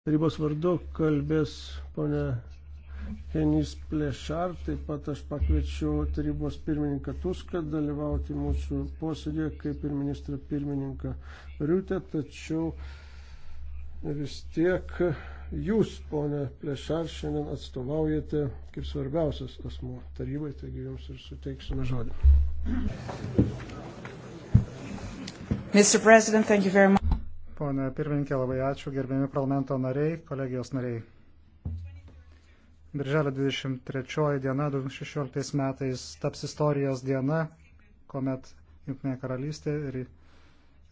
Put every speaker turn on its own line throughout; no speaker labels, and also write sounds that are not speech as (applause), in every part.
Tarybos vardu kalbės ponė Henis Plešar, taip pat aš pakviečiau tarybos pirmininką Tuską dalyvauti mūsų posėdėje kaip ir ministrą pirmininką Riutę, tačiau vis tiek jūs, ponė Plešar, šiandien atstovaujate kaip svarbiausias asmo tarybai, taigi jums ir suteiksime žodį.
Mr. President, thank you very much. Pone pirmininkė, labai ačiū, gerbiami parlamento nariai, kolegijos nariai. Birželio 23 diena 2016 metais taps istorijos diena, kuomet Junktinė karalystė ir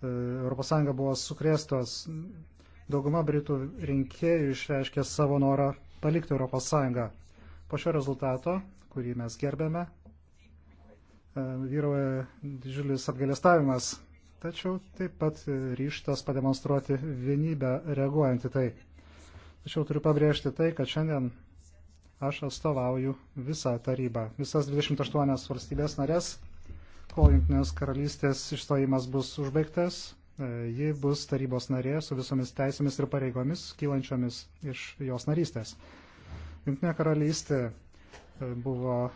ES buvo sukrėstos. Dauguma Britų rinkėjų išreiškė savo norą palikti ES. Po šio rezultato, kurį mes gerbėme, e, vyrauja didžiulis apgalėstavimas tačiau taip pat ryštas pademonstruoti vienybę reaguojant į tai. Tačiau turiu pabrėžti tai, kad šiandien aš atstovauju visą tarybą, visas 28 valstybės narės, kol Junktinės karalystės išstojimas bus užbaigtas, e, ji bus tarybos narė su visomis teisėmis ir pareigomis kylančiomis iš jos narystės. Junktinė karalystė buvo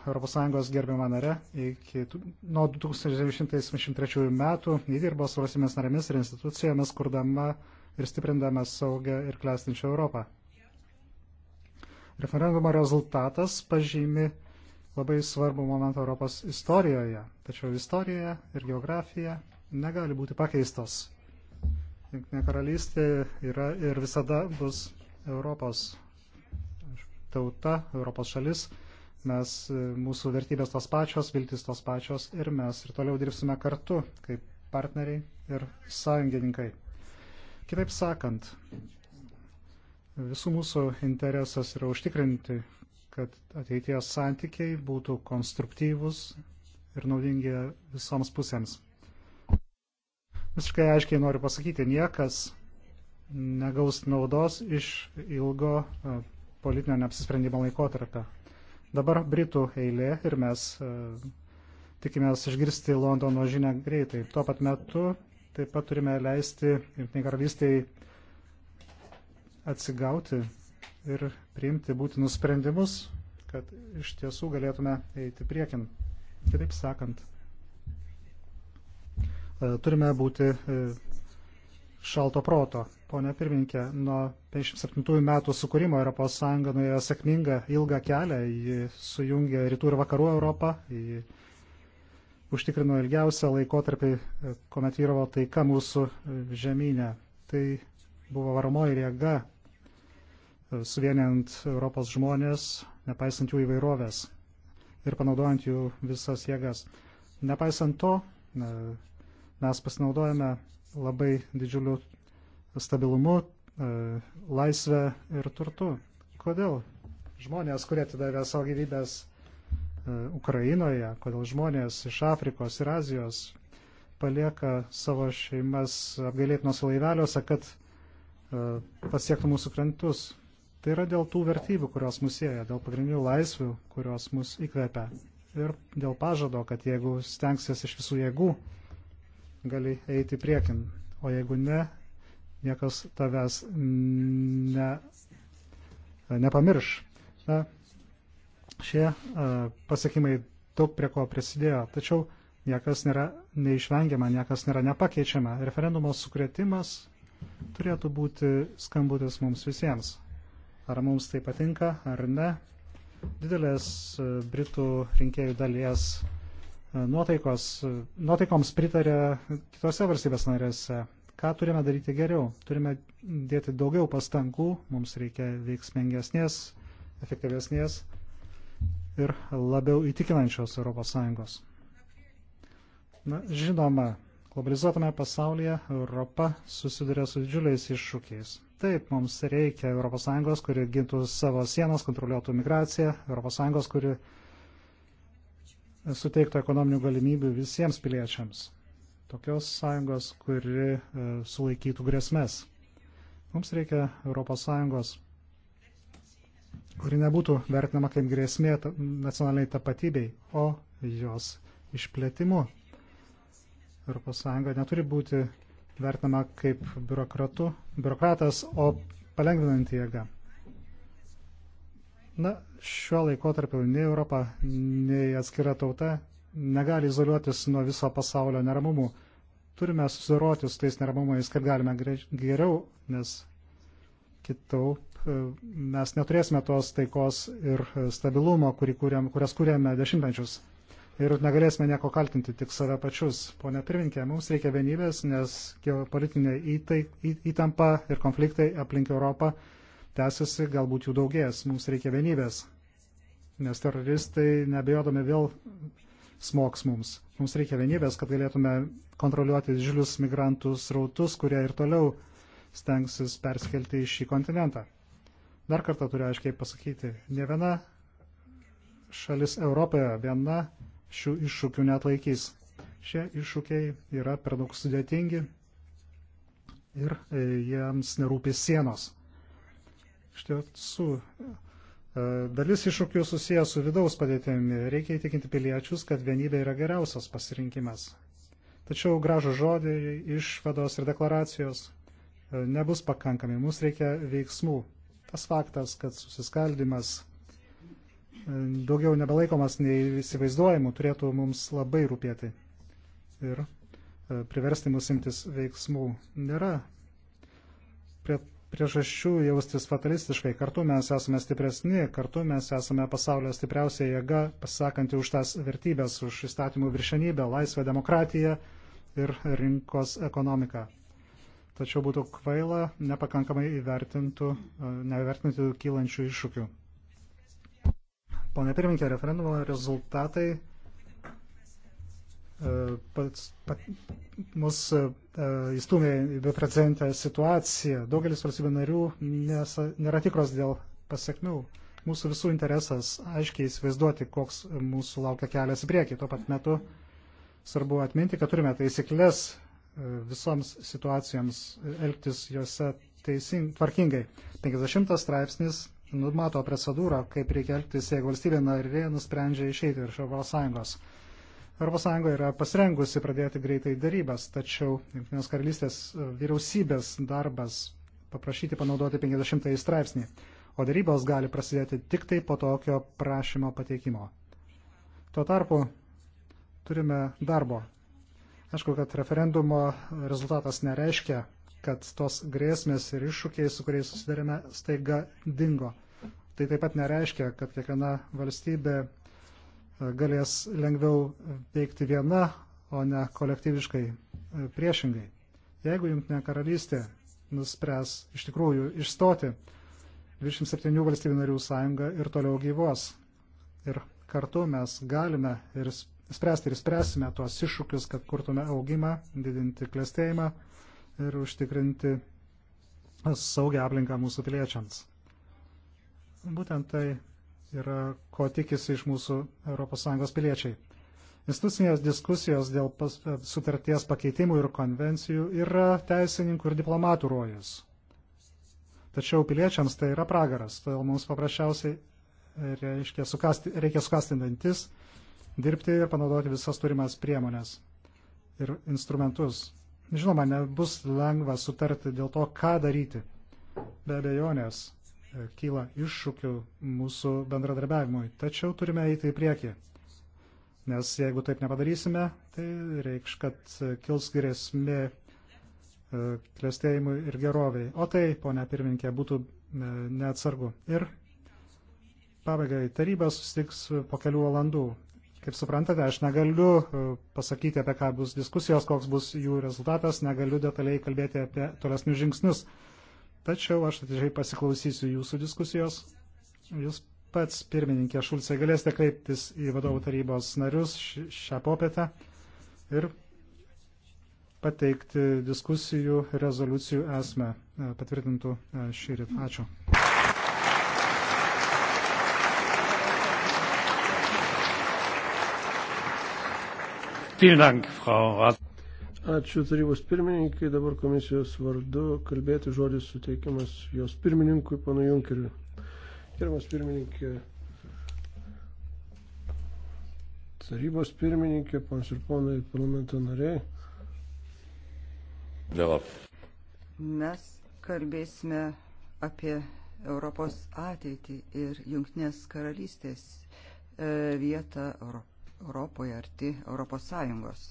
ES gerbima nare iki nuo 1973 metų įdirbo su valstybės narėmis ir institucijomis, kurdama ir stiprindama saugę ir klestinčią Europą. Referendumo rezultatas pažymi labai svarbų momentą Europos istorijoje, tačiau istorija ir geografija negali būti pakeistos. Junktinė karalystė yra ir visada bus Europos tauta, Europos šalis mes, e, mūsų vertybės tos pačios, viltis tos pačios ir mes ir toliau dirbsime kartu kaip partneriai ir sąjungininkai. Kitaip sakant, visų mūsų interesas yra užtikrinti, kad ateities santykiai būtų konstruktyvus ir naudingi visoms pusėms. Visiškai aiškiai noriu pasakyti, niekas negaus naudos iš ilgo e, politinio neapsisprendimo laikotarpio. Dabar Britų eilė ir mes e, tikimės išgirsti Londono žinę greitai. Tuo pat metu taip pat turime leisti Junktiniai karalystiai atsigauti ir priimti būtinus sprendimus, kad iš tiesų galėtume eiti priekin. Kitaip sakant, e, turime būti e, šalto proto ponė pirmininkė. Nuo 57 metų sukūrimo ES nuėjo sėkmingą ilgą kelią. Ji sujungė rytų ir vakarų Europą. Ji užtikrino ilgiausią laikotarpį, kuomet vyravo taika mūsų žemynė. Tai buvo varomoji jėga, suvienijant Europos žmonės, nepaisant jų įvairovės ir panaudojant jų visas jėgas. Nepaisant to, mes pasinaudojame labai didžiuliu stabilumu, e, laisvę ir turtu. Kodėl žmonės, kurie atidavė savo gyvybės e, Ukrainoje, kodėl žmonės iš Afrikos ir Azijos palieka savo šeimas apgailėtinos laiveliuose, kad e, pasiektų mūsų krantus. Tai yra dėl tų vertybių, kurios mus sieja, dėl pagrindinių laisvių, kurios mus įkvepia. Ir dėl pažado, kad jeigu stengsies iš visų jėgų, gali eiti priekin. O jeigu ne, niekas tavęs ne, nepamirš. Na, šie e, pasiekimai daug prie ko prisidėjo, tačiau niekas nėra neišvengiama, niekas nėra nepakeičiama. Referendumo sukretimas turėtų būti skambutis mums visiems. Ar mums tai patinka, ar ne. Didelės e, Britų rinkėjų dalies e, nuotaikos, nuotaikoms pritarė kitose valstybės narėse. Ką turime daryti geriau? Turime dėti daugiau pastangų, mums reikia veiksmingesnės, efektyvesnės ir labiau įtikinančios ES. Na, žinoma, globalizuotame pasaulyje Europa susiduria su didžiuliais iššūkiais. Taip, mums reikia ES, kuri gintų savo sienas, kontroliuotų migraciją, ES, kuri suteiktų ekonominių galimybių visiems piliečiams tokios sąjungos, kuri e, sulaikytų grėsmės. Mums reikia Europos sąjungos, kuri nebūtų vertinama kaip grėsmė nacionaliniai tapatybei, o jos išplėtimu. Europos sąjunga neturi būti vertinama kaip biurokratas, o palengvinanti jėga. Na, šiuo laikotarpiu nei Europa, nei atskira tauta negali izoliuotis nuo viso pasaulio neramumų turime susidoroti su tais neramumais, kaip galime geriau, nes kitaip e, mes neturėsime tos taikos ir e, stabilumo, kuriam, kurias kūrėme dešimtmečius. Ir negalėsime nieko kaltinti, tik save pačius. Pone pirminkė, mums reikia vienybės, nes geopolitinė įtampa ir konfliktai aplink Europą tęsiasi, galbūt jų daugės. Mums reikia vienybės, nes teroristai nebejodami vėl smoks mums. Mums reikia vienybės, kad galėtume kontroliuoti didžiulius migrantų srautus, kurie ir toliau stengsis perskelti į šį kontinentą. Dar kartą turiu aiškiai pasakyti, ne viena šalis Europoje viena šių iššūkių netlaikys. Šie iššūkiai yra per daug sudėtingi ir e, jiems nerūpi sienos. Iš tiesų, E, dalis iššūkių susijęs su vidaus padėtimi. Reikia įtikinti piliečius, kad vienybė yra geriausias pasirinkimas. Tačiau gražų žodį iš vados ir deklaracijos e, nebus pakankami. Mums reikia veiksmų. Tas faktas, kad susiskaldimas e, daugiau nebelaikomas nei įsivaizduojimų, turėtų mums labai rūpėti ir priversti mus imtis veiksmų. Nėra prie priežasčių jaustis fatalistiškai. Kartu mes esame stipresni, kartu mes esame pasaulio stipriausia jėga, pasakanti už tas vertybės, už įstatymų viršenybę, laisvę, demokratiją ir rinkos ekonomiką. Tačiau būtų kvaila nepakankamai e, nevertinti kylančių iššūkių. Pone pirmininkė, referendumo rezultatai pats, pat, mus e, įstumė į beprecedentę situaciją. Daugelis valstybių narių nes, nėra tikros dėl pasiekmių. Mūsų visų interesas aiškiai įsivaizduoti, koks mūsų laukia kelias į priekį. Tuo pat metu svarbu atminti, kad turime taisyklės e, visoms situacijoms elgtis juose teising, tvarkingai. 50 straipsnis numato procedūrą, kaip reikia elgtis, jeigu valstybė narė nusprendžia išeiti iš Europos Sąjungos. ES yra pasirengusi pradėti greitai darybas, tačiau Junktinės karalystės e, vyriausybės darbas paprašyti panaudoti 50 straipsnį, o darybos gali prasidėti tik tai po tokio prašymo pateikimo. Tuo tarpu turime darbo. Aišku, kad referendumo rezultatas nereiškia, kad tos grėsmės ir iššūkiai, su kuriais susidarėme, staiga dingo. Tai taip pat nereiškia, kad kiekviena valstybė galės lengviau veikti viena, o ne kolektyviškai e, priešingai. Jeigu Junktinė karalystė nuspręs iš tikrųjų išstoti, 27 valstybių narių sąjunga ir toliau gyvos. Ir kartu mes galime ir spręsti ir spręsime tuos iššūkius, kad kurtume augimą, didinti klėstėjimą ir užtikrinti saugią aplinką mūsų piliečiams. Būtent tai yra, ko tikisi iš mūsų ES piliečiai. Institucinės diskusijos dėl pas, e, sutarties pakeitimų ir konvencijų yra teisininkų ir diplomatų rojus. Tačiau piliečiams tai yra pragaras, todėl mums paprasčiausiai reiškia, sukasti, reikia sukasti dantis, dirbti ir panaudoti visas turimas priemonės ir instrumentus. Žinoma, nebus lengva sutarti dėl to, ką daryti. Be abejonės, kyla iššūkių mūsų bendradarbiavimui. Tačiau turime eiti į priekį. Nes jeigu taip nepadarysime, tai reikš, kad kils grėsmė e, klėstėjimui ir geroviai. O tai, ponia pirmininkė, būtų e, neatsargu. Ir pabaigai, taryba susitiks po kelių valandų. Kaip suprantate, aš negaliu e, pasakyti, apie ką bus diskusijos, koks bus jų rezultatas, negaliu detaliai kalbėti apie tolesnius žingsnius. Tačiau aš atidžiai pasiklausysiu jūsų diskusijos. Jūs pats, pirmininkė Šulcai, galėsite kreiptis į vadovų tarybos narius šią popietę ir pateikti diskusijų rezoliucijų esmę e, patvirtintų e, šį rytą. Ačiū.
Vielen Dank, Frau Rat.
Ačiū tarybos pirmininkai, dabar komisijos vardu kalbėti žodis suteikiamas jos pirmininkui, pana Junkeriu. Gerbiamas pirmininkė, tarybos pirmininkė, panas ir ponai parlamento nariai.
Dėlap.
Mes kalbėsime apie Europos ateitį ir Junktinės karalystės e, vietą Europoje arti Europos Sąjungos.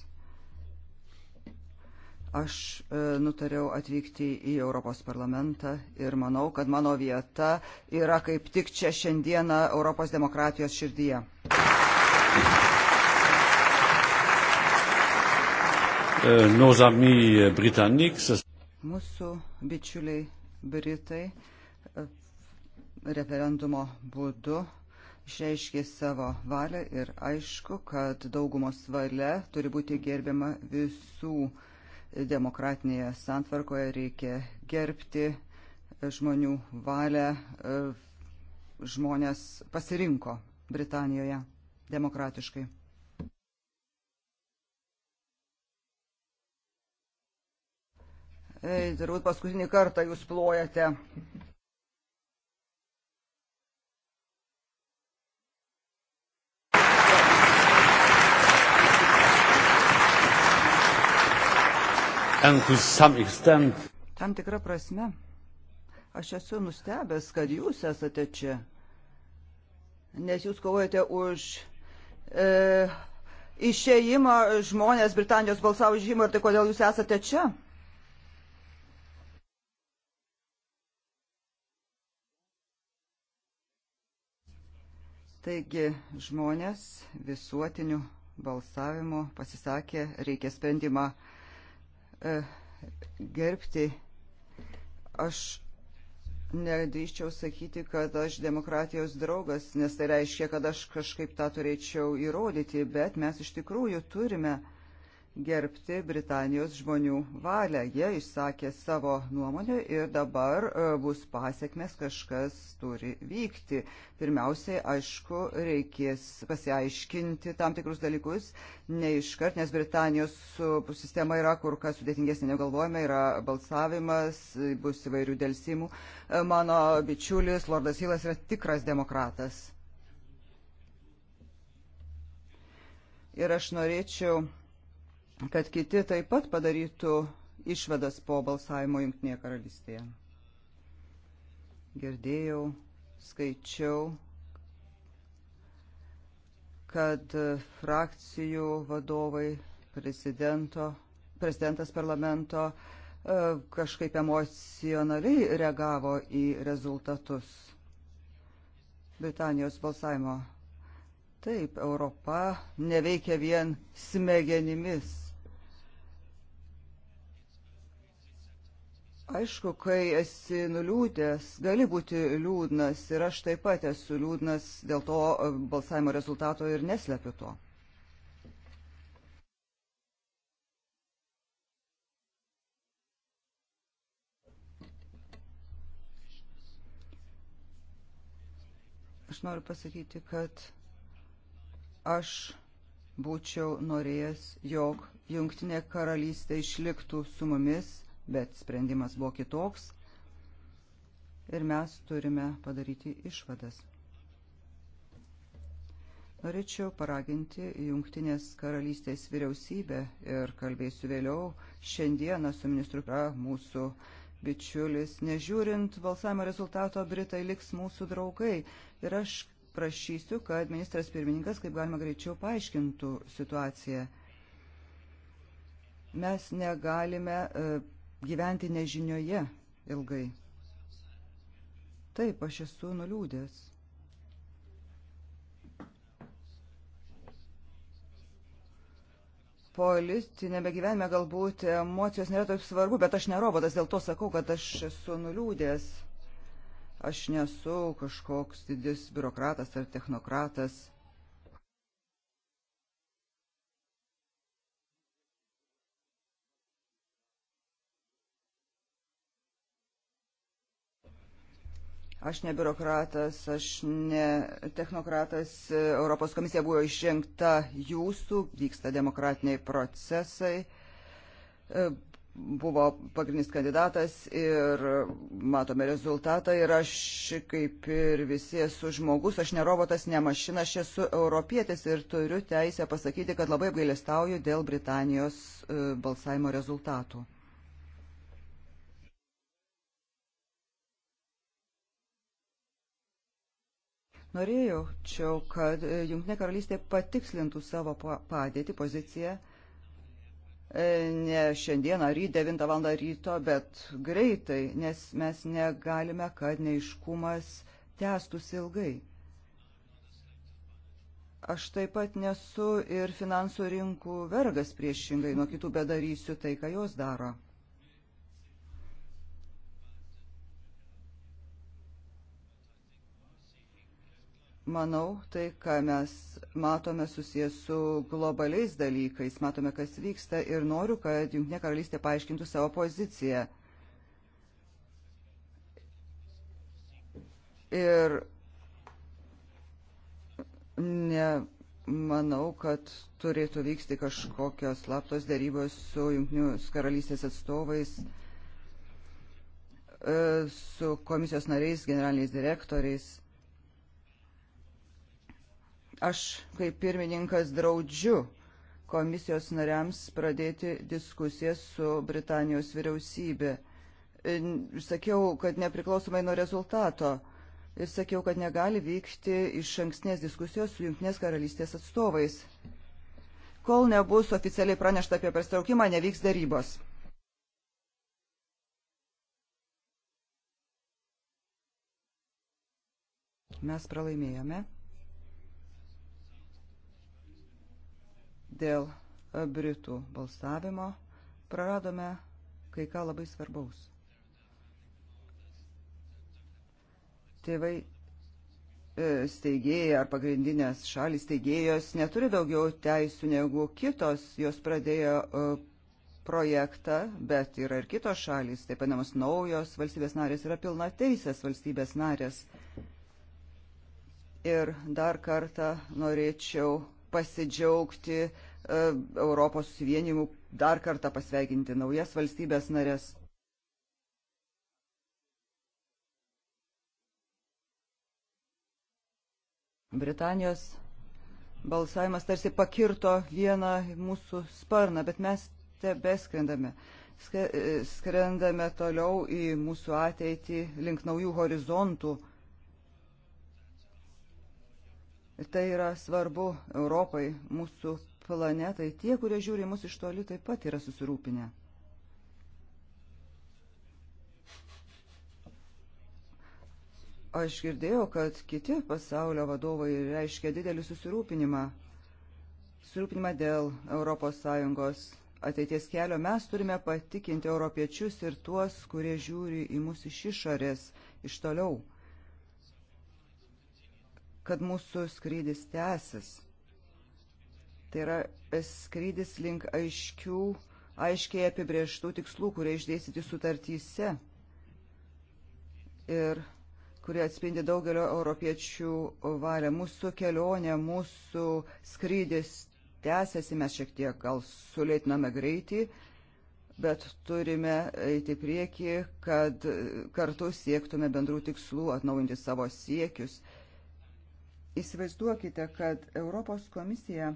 Aš e, nutariau atvykti į Europos parlamentą ir manau, kad mano vieta yra kaip tik čia šiandieną Europos demokratijos širdyje. E, Mūsų bičiuliai Britai e, referendumo būdu išreiškė savo valią ir aišku, kad daugumos valia turi būti gerbiama visų demokratinėje santvarkoje reikia gerbti žmonių valią. E, žmonės pasirinko Britanijoje demokratiškai. Ei, turbūt paskutinį kartą jūs plojate. Tam tikrą prasme, aš esu nustebęs, kad jūs esate čia, nes jūs kovojate už e, išėjimą, žmonės Britanijos balsavo žymą ir tai kodėl jūs esate čia? Taigi žmonės visuotiniu balsavimu pasisakė, reikia sprendimą E, gerbti. Aš nedrįščiau sakyti, kad aš demokratijos draugas, nes tai reiškia, kad aš kažkaip tą turėčiau įrodyti, bet mes iš tikrųjų turime uh, gerbti Britanijos žmonių valią. Jie išsakė savo nuomonę ir dabar e, bus pasiekmes, kažkas turi vykti. Pirmiausiai, aišku, reikės pasiaiškinti tam tikrus dalykus, ne iškart, nes Britanijos e, sistema yra kur kas sudėtingesnė, negalvojame, yra balsavimas, bus įvairių dėlsimų. E, mano bičiulis, Lordas Hilas, yra tikras demokratas. Ir aš norėčiau kad kiti taip pat padarytų išvadas po balsavimo Junktinėje karalystėje. Girdėjau, skaičiau, kad e, frakcijų vadovai, prezidentas parlamento e, kažkaip emocionaliai reagavo į rezultatus Britanijos balsavimo. Taip, Europa neveikia vien smegenimis Aišku, kai esi nuliūdęs, gali būti liūdnas ir aš taip pat esu liūdnas, dėl to e, balsavimo rezultato ir neslepiu to. Aš noriu pasakyti, kad aš būčiau norėjęs, jog Jungtinė karalystė išliktų su mumis bet sprendimas buvo kitoks ir mes turime padaryti išvadas. Norėčiau paraginti Jungtinės karalystės vyriausybę ir kalbėsiu vėliau šiandieną su ministru Kra mūsų bičiulis. Nežiūrint balsavimo rezultato, Britai liks mūsų draugai ir aš prašysiu, kad ministras pirmininkas kaip galima greičiau paaiškintų situaciją. Mes negalime e, gyventi nežinioje ilgai. Taip, aš esu nuliūdęs. Politinėme gyvenime galbūt emocijos nėra taip svarbu, bet aš nerobotas, dėl to sakau, kad aš esu nuliūdęs. Aš nesu kažkoks didis biurokratas ar technokratas. Aš ne biurokratas, aš ne technokratas. Europos komisija buvo išrinkta jūsų, vyksta demokratiniai procesai e, buvo pagrindinis kandidatas ir matome rezultatą ir aš kaip ir visi esu žmogus, aš ne robotas, ne mašina, aš esu europietis ir turiu teisę pasakyti, kad labai apgailestauju dėl Britanijos e, balsavimo rezultatų. Norėjau čia, kad e, Junktinė karalystė patikslintų savo padėtį, poziciją e, ne šiandieną ryt 9 val. ryto, bet greitai, nes mes negalime, kad neiškumas tęstųsi ilgai. Aš taip pat nesu ir finansų rinkų vergas priešingai, nuo kitų bedarysiu tai, ką jos daro. manau, tai, ką mes matome susijęs su globaliais dalykais, matome, kas vyksta ir noriu, kad Junktinė karalystė paaiškintų savo poziciją. Ir ne, manau, kad turėtų vykti kažkokios slaptos dėrybos su Junktinės karalystės atstovais e, su komisijos nariais, generaliniais direktoriais. Aš kaip pirmininkas draudžiu komisijos nariams pradėti diskusijas su Britanijos vyriausybė. Sakiau, kad nepriklausomai nuo rezultato ir sakiau, kad negali vykti iš anksnės diskusijos su Junktinės karalystės atstovais. Kol nebus oficialiai pranešta apie perstraukimą, nevyks darybos. Mes pralaimėjome. dėl Britų balsavimo praradome kai ką labai svarbaus. Tėvai e, steigėjai ar pagrindinės šalis steigėjos neturi daugiau teisų negu kitos, jos pradėjo e, projektą, bet yra ir kitos šalis, taip panamos naujos valstybės narės, yra pilna teisės valstybės narės. Ir dar kartą norėčiau pasidžiaugti uh, E, Europos susivienimų dar kartą pasveikinti naujas valstybės narės. Britanijos balsavimas tarsi pakirto vieną mūsų sparną, bet mes tebeskrendame. E, skrendame toliau į mūsų ateitį link naujų horizontų. Ir tai yra svarbu Europai, mūsų planetai, tie, kurie žiūri mus iš toli, taip pat yra susirūpinę. Aš girdėjau, kad kiti pasaulio vadovai reiškia didelį susirūpinimą. Susirūpinimą dėl ES ateities kelio. Mes turime patikinti europiečius ir tuos, kurie žiūri į mus iš išorės, iš toliau, kad mūsų skrydis tęsis. Tai yra skrydis link aiškių, aiškiai apibrieštų tikslų, kurie išdėstyti sutartyse ir kurie atspindi daugelio europiečių valią. Mūsų kelionė, mūsų skrydis tęsiasi, mes šiek tiek gal sulėtiname greitį, bet turime eiti prieki, kad kartu siektume bendrų tikslų, atnaujinti savo siekius. Įsivaizduokite, kad Europos komisija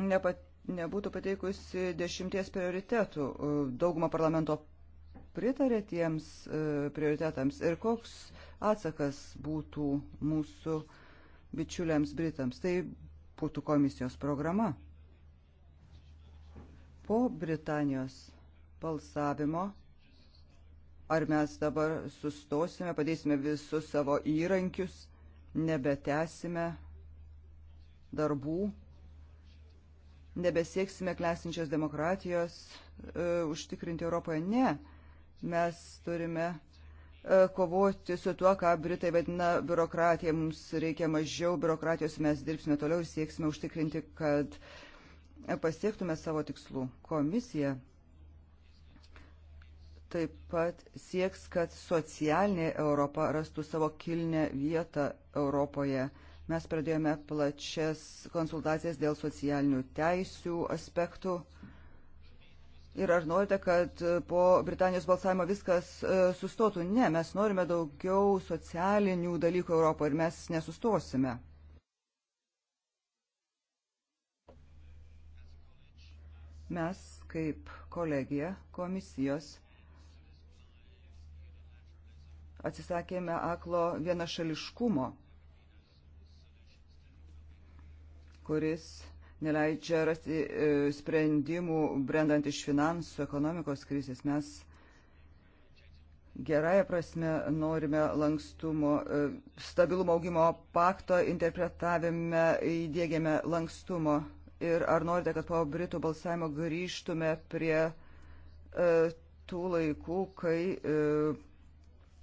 nepat, nebūtų pateikusi dešimties prioritetų. E, dauguma parlamento pritarė tiems e, prioritetams ir koks atsakas būtų mūsų bičiuliams Britams. Tai būtų komisijos programa. Po Britanijos balsavimo ar mes dabar sustosime, padėsime visus savo įrankius, nebetesime darbų nebesieksime klesinčios demokratijos e, užtikrinti Europoje. Ne, mes turime e, kovoti su tuo, ką Britai vadina biurokratija. Mums reikia mažiau biurokratijos, mes dirbsime toliau ir sieksime užtikrinti, kad pasiektume savo tikslų. Komisija taip pat sieks, kad socialinė Europa rastų savo kilnę vietą Europoje. E, Mes pradėjome plačias konsultacijas dėl socialinių teisių aspektų. Ir ar norite, kad po Britanijos balsavimo viskas e, sustotų? Ne, mes norime daugiau socialinių dalykų Europoje ir mes nesustosime. Mes kaip kolegija komisijos atsisakėme aklo vienašališkumo kuris neleidžia rasti e, sprendimų brendant iš finansų, ekonomikos krizės. Mes gerąją prasme norime lankstumo, e, stabilumo augimo pakto interpretavime įdėgėme lankstumo. Ir ar norite, kad po Britų balsavimo grįžtume prie e, tų laikų, kai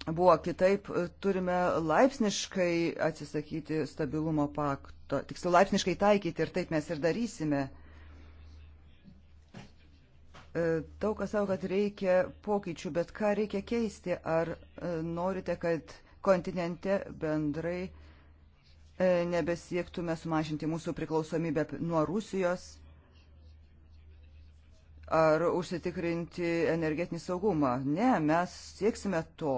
buvo kitaip, turime laipsniškai atsisakyti stabilumo pakto, tiksliau laipsniškai taikyti ir taip mes ir darysime. E, daug kas savo, kad reikia pokyčių, bet ką reikia keisti? Ar e, norite, kad kontinente bendrai e, nebesiektume sumažinti mūsų priklausomybę nuo Rusijos? Ar užsitikrinti energetinį saugumą? Ne, mes sieksime to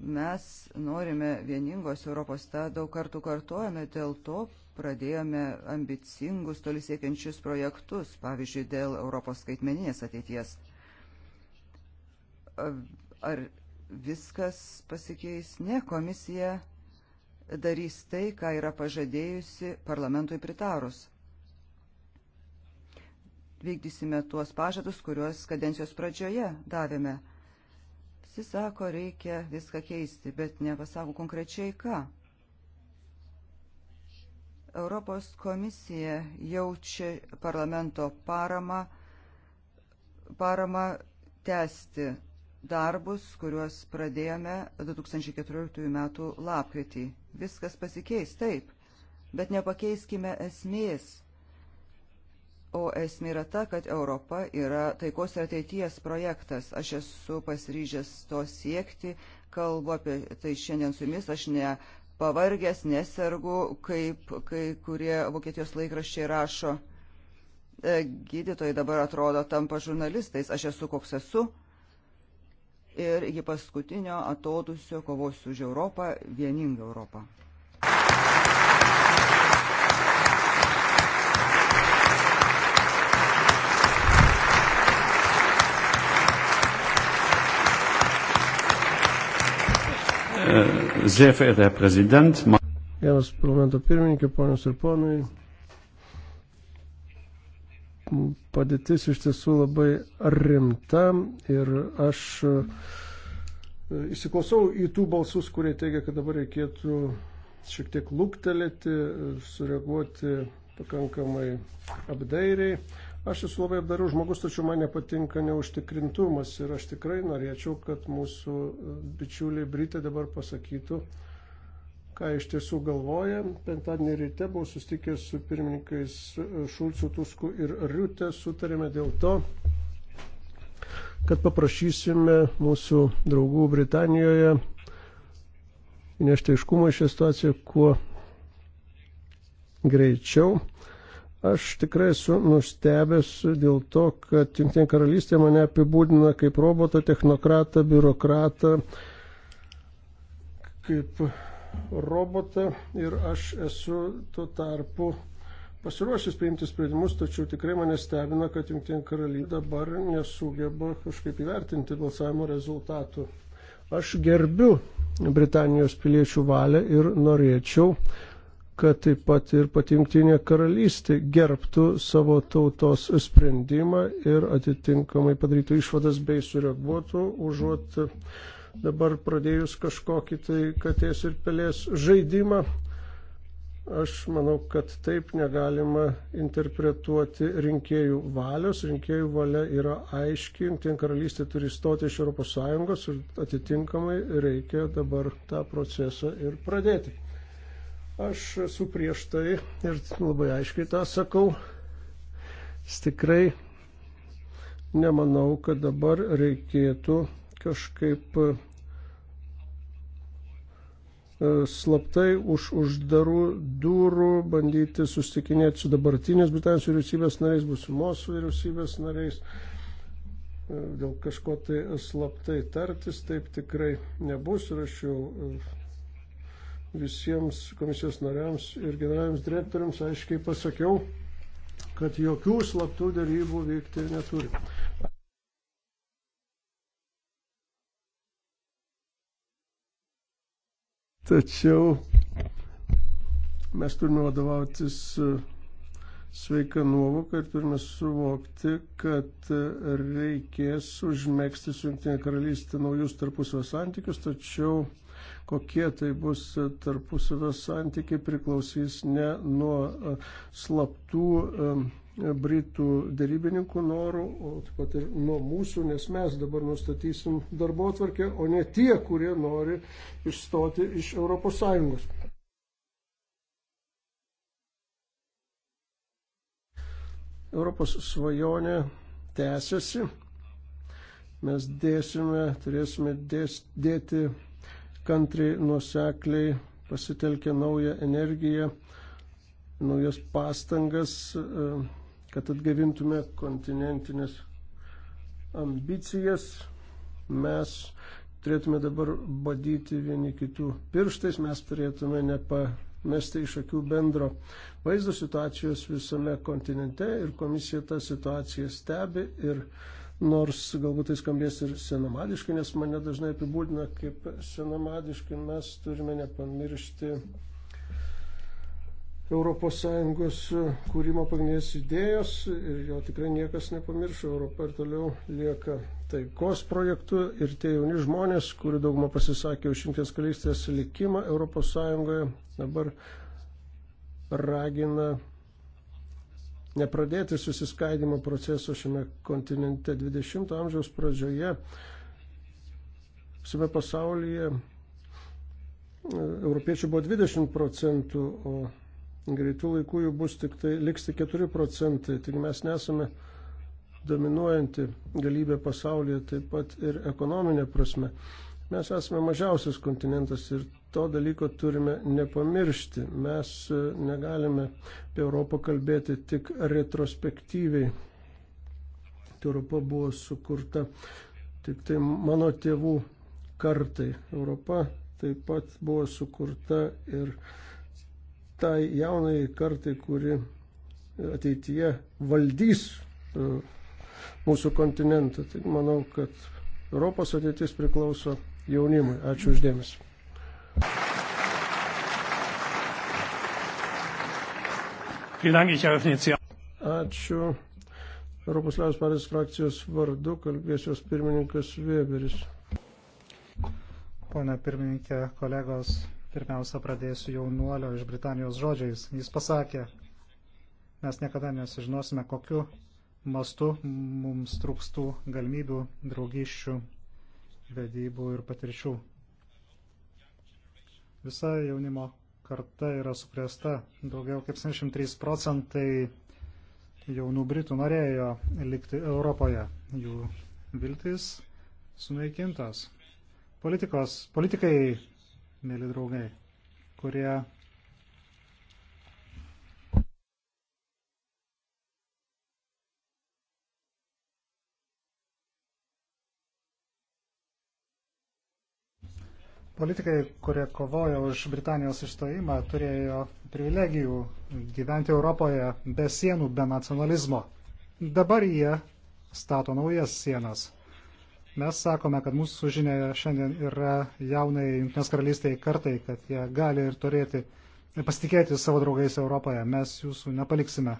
Mes norime vieningos Europos, tą daug kartų kartuojame, dėl to pradėjome ambicingus, toli siekiančius projektus, pavyzdžiui, dėl Europos skaitmeninės ateities. Ar viskas pasikeis? Ne, komisija darys tai, ką yra pažadėjusi parlamentui pritarus vykdysime tuos pažadus, kuriuos kadencijos pradžioje davėme. Visi sako, reikia viską keisti, bet nepasako konkrečiai ką. Europos komisija jaučia parlamento paramą, paramą tęsti darbus, kuriuos pradėjome 2014 m. lapkritį. Viskas pasikeis, taip, bet nepakeiskime esmės O esmė yra ta, kad Europa yra taikos ir ateities projektas. Aš esu pasiryžęs to siekti, kalbu apie tai šiandien su jumis, aš ne pavargęs, nesergu, kaip kai kurie Vokietijos laikraščiai rašo. E, gydytojai dabar atrodo tampa žurnalistais, aš esu koks esu. Ir iki paskutinio atodusio kovosiu už Europą, vieningą Europą.
Eh,
sehr verehrter Herr Präsident.
Gerbiamas parlamento pirmininkė, ponios ir ponai, padėtis iš tiesų labai rimta ir aš eh, įsiklausau į tų balsus, kurie teigia, kad dabar reikėtų šiek tiek luktelėti, sureaguoti pakankamai apdairiai. Aš esu labai apdarių žmogus, tačiau man nepatinka neužtikrintumas ir aš tikrai norėčiau, kad mūsų e, bičiuliai Britai dabar pasakytų, ką iš tiesų galvoja. Penktadienį ryte buvau sustikęs su pirmininkais e, Šulcu, Tusku ir Riutė, sutarėme dėl to, kad paprašysime mūsų draugų Britanijoje įnešti aiškumą į šią situaciją kuo greičiau. Aš tikrai esu nustebęs dėl to, kad Junktinė karalystė mane apibūdina kaip robotą, technokratą, biurokratą, kaip robotą ir aš esu tuo tarpu pasiruošęs priimti sprendimus, tačiau tikrai mane stebina, kad Junktinė karalystė dabar nesugeba kažkaip įvertinti balsavimo rezultatų. Aš gerbiu Britanijos piliečių valią ir norėčiau, kad taip pat ir pati jungtinė karalystė gerbtų savo tautos sprendimą ir atitinkamai padarytų išvadas bei sureaguotų, užuot dabar pradėjus kažkokį tai katės ir pelės žaidimą. Aš manau, kad taip negalima interpretuoti rinkėjų valios. Rinkėjų valia yra aiški, jungtinė karalystė turi stoti iš ES ir atitinkamai reikia dabar tą procesą ir pradėti. Aš esu prieš tai ir labai aiškiai tą sakau. Jis tikrai nemanau, kad dabar reikėtų kažkaip e, slaptai už uždarų durų bandyti susitikinėti su dabartinės Britanijos vyriausybės nariais, būsimos vyriausybės nariais, e, dėl kažko tai slaptai tartis, taip tikrai nebus ir aš jau e, visiems komisijos nariams ir generaliniams direktoriams aiškiai pasakiau, kad jokių slaptų darybų vykti neturi. Tačiau mes turime vadovautis e, sveika nuovoka ir turime suvokti, kad e, reikės užmėgsti su Junktinė karalystė naujus tarpusio santykius, tačiau Kokie tai bus tarpusavio santykiai priklausys ne nuo e, slaptų e, Britų darybininkų norų, o taip pat ir nuo mūsų, nes mes dabar nustatysim darbo atvarkę, o ne tie, kurie nori išstoti iš ES. Europos svajonė tęsiasi. Mes dėsime, turėsime dės, dėti kantriai, nuosekliai pasitelkė naują energiją, naujas pastangas, e, kad atgavintume kontinentinės ambicijas. Mes turėtume dabar badyti vieni kitų pirštais, mes turėtume nepamesti iš akių bendro vaizdo situacijos visame kontinente ir komisija tą situaciją stebi ir nors galbūt tai skambės ir senamadiškai, nes mane dažnai apibūdina kaip senamadiškai, mes turime nepamiršti ES kūrimo pagrindinės idėjos ir jo tikrai niekas nepamiršo, Europa ir toliau lieka taikos projektu ir tie jauni žmonės, kurių daugumą pasisakė už šimties kalystės likimą ES dabar ragina nepradėti susiskaidimo proceso šiame kontinente 20-ojo amžiaus pradžioje visame pasaulyje europiečių buvo 20 procentų, o greitų laikų jų bus tik tai, liks tik 4 procentai. Tik mes nesame dominuojanti galybė pasaulyje, taip pat ir ekonominė prasme. Mes esame mažiausias kontinentas ir to dalyko turime nepamiršti. Mes e, negalime apie Europą kalbėti tik retrospektyviai. Tai Europa buvo sukurta tik tai mano tėvų kartai. Europa taip pat buvo sukurta ir tai jaunai kartai, kuri ateityje valdys e, mūsų kontinentą. Tik manau, kad Europos ateitis priklauso jaunimui. Ačiū uždėmesi. Ačiū. Europos Liaudės partijos frakcijos vardu kalbės jos pirmininkas Weberis.
Pone pirmininkė, kolegos, pirmiausia pradėsiu jaunuolio iš Britanijos žodžiais. Jis pasakė, mes niekada nesužinosime, kokiu mastu mums trūkstų galimybių, draugyščių vedybų ir patirčių. Visa jaunimo karta yra sukrėsta. Daugiau kaip 73 procentai jaunų Britų norėjo likti Europoje. Jų viltis sunaikintos. Politikos, politikai, mėly draugai, kurie Politikai, kurie kovojo už Britanijos išstojimą, turėjo privilegijų gyventi Europoje be sienų, be nacionalizmo. Dabar jie stato naujas sienas. Mes sakome, kad mūsų žinia šiandien yra jaunai Junktinės karalystėje kartai, kad jie gali ir turėti pasitikėti savo draugais Europoje. Mes jūsų nepaliksime.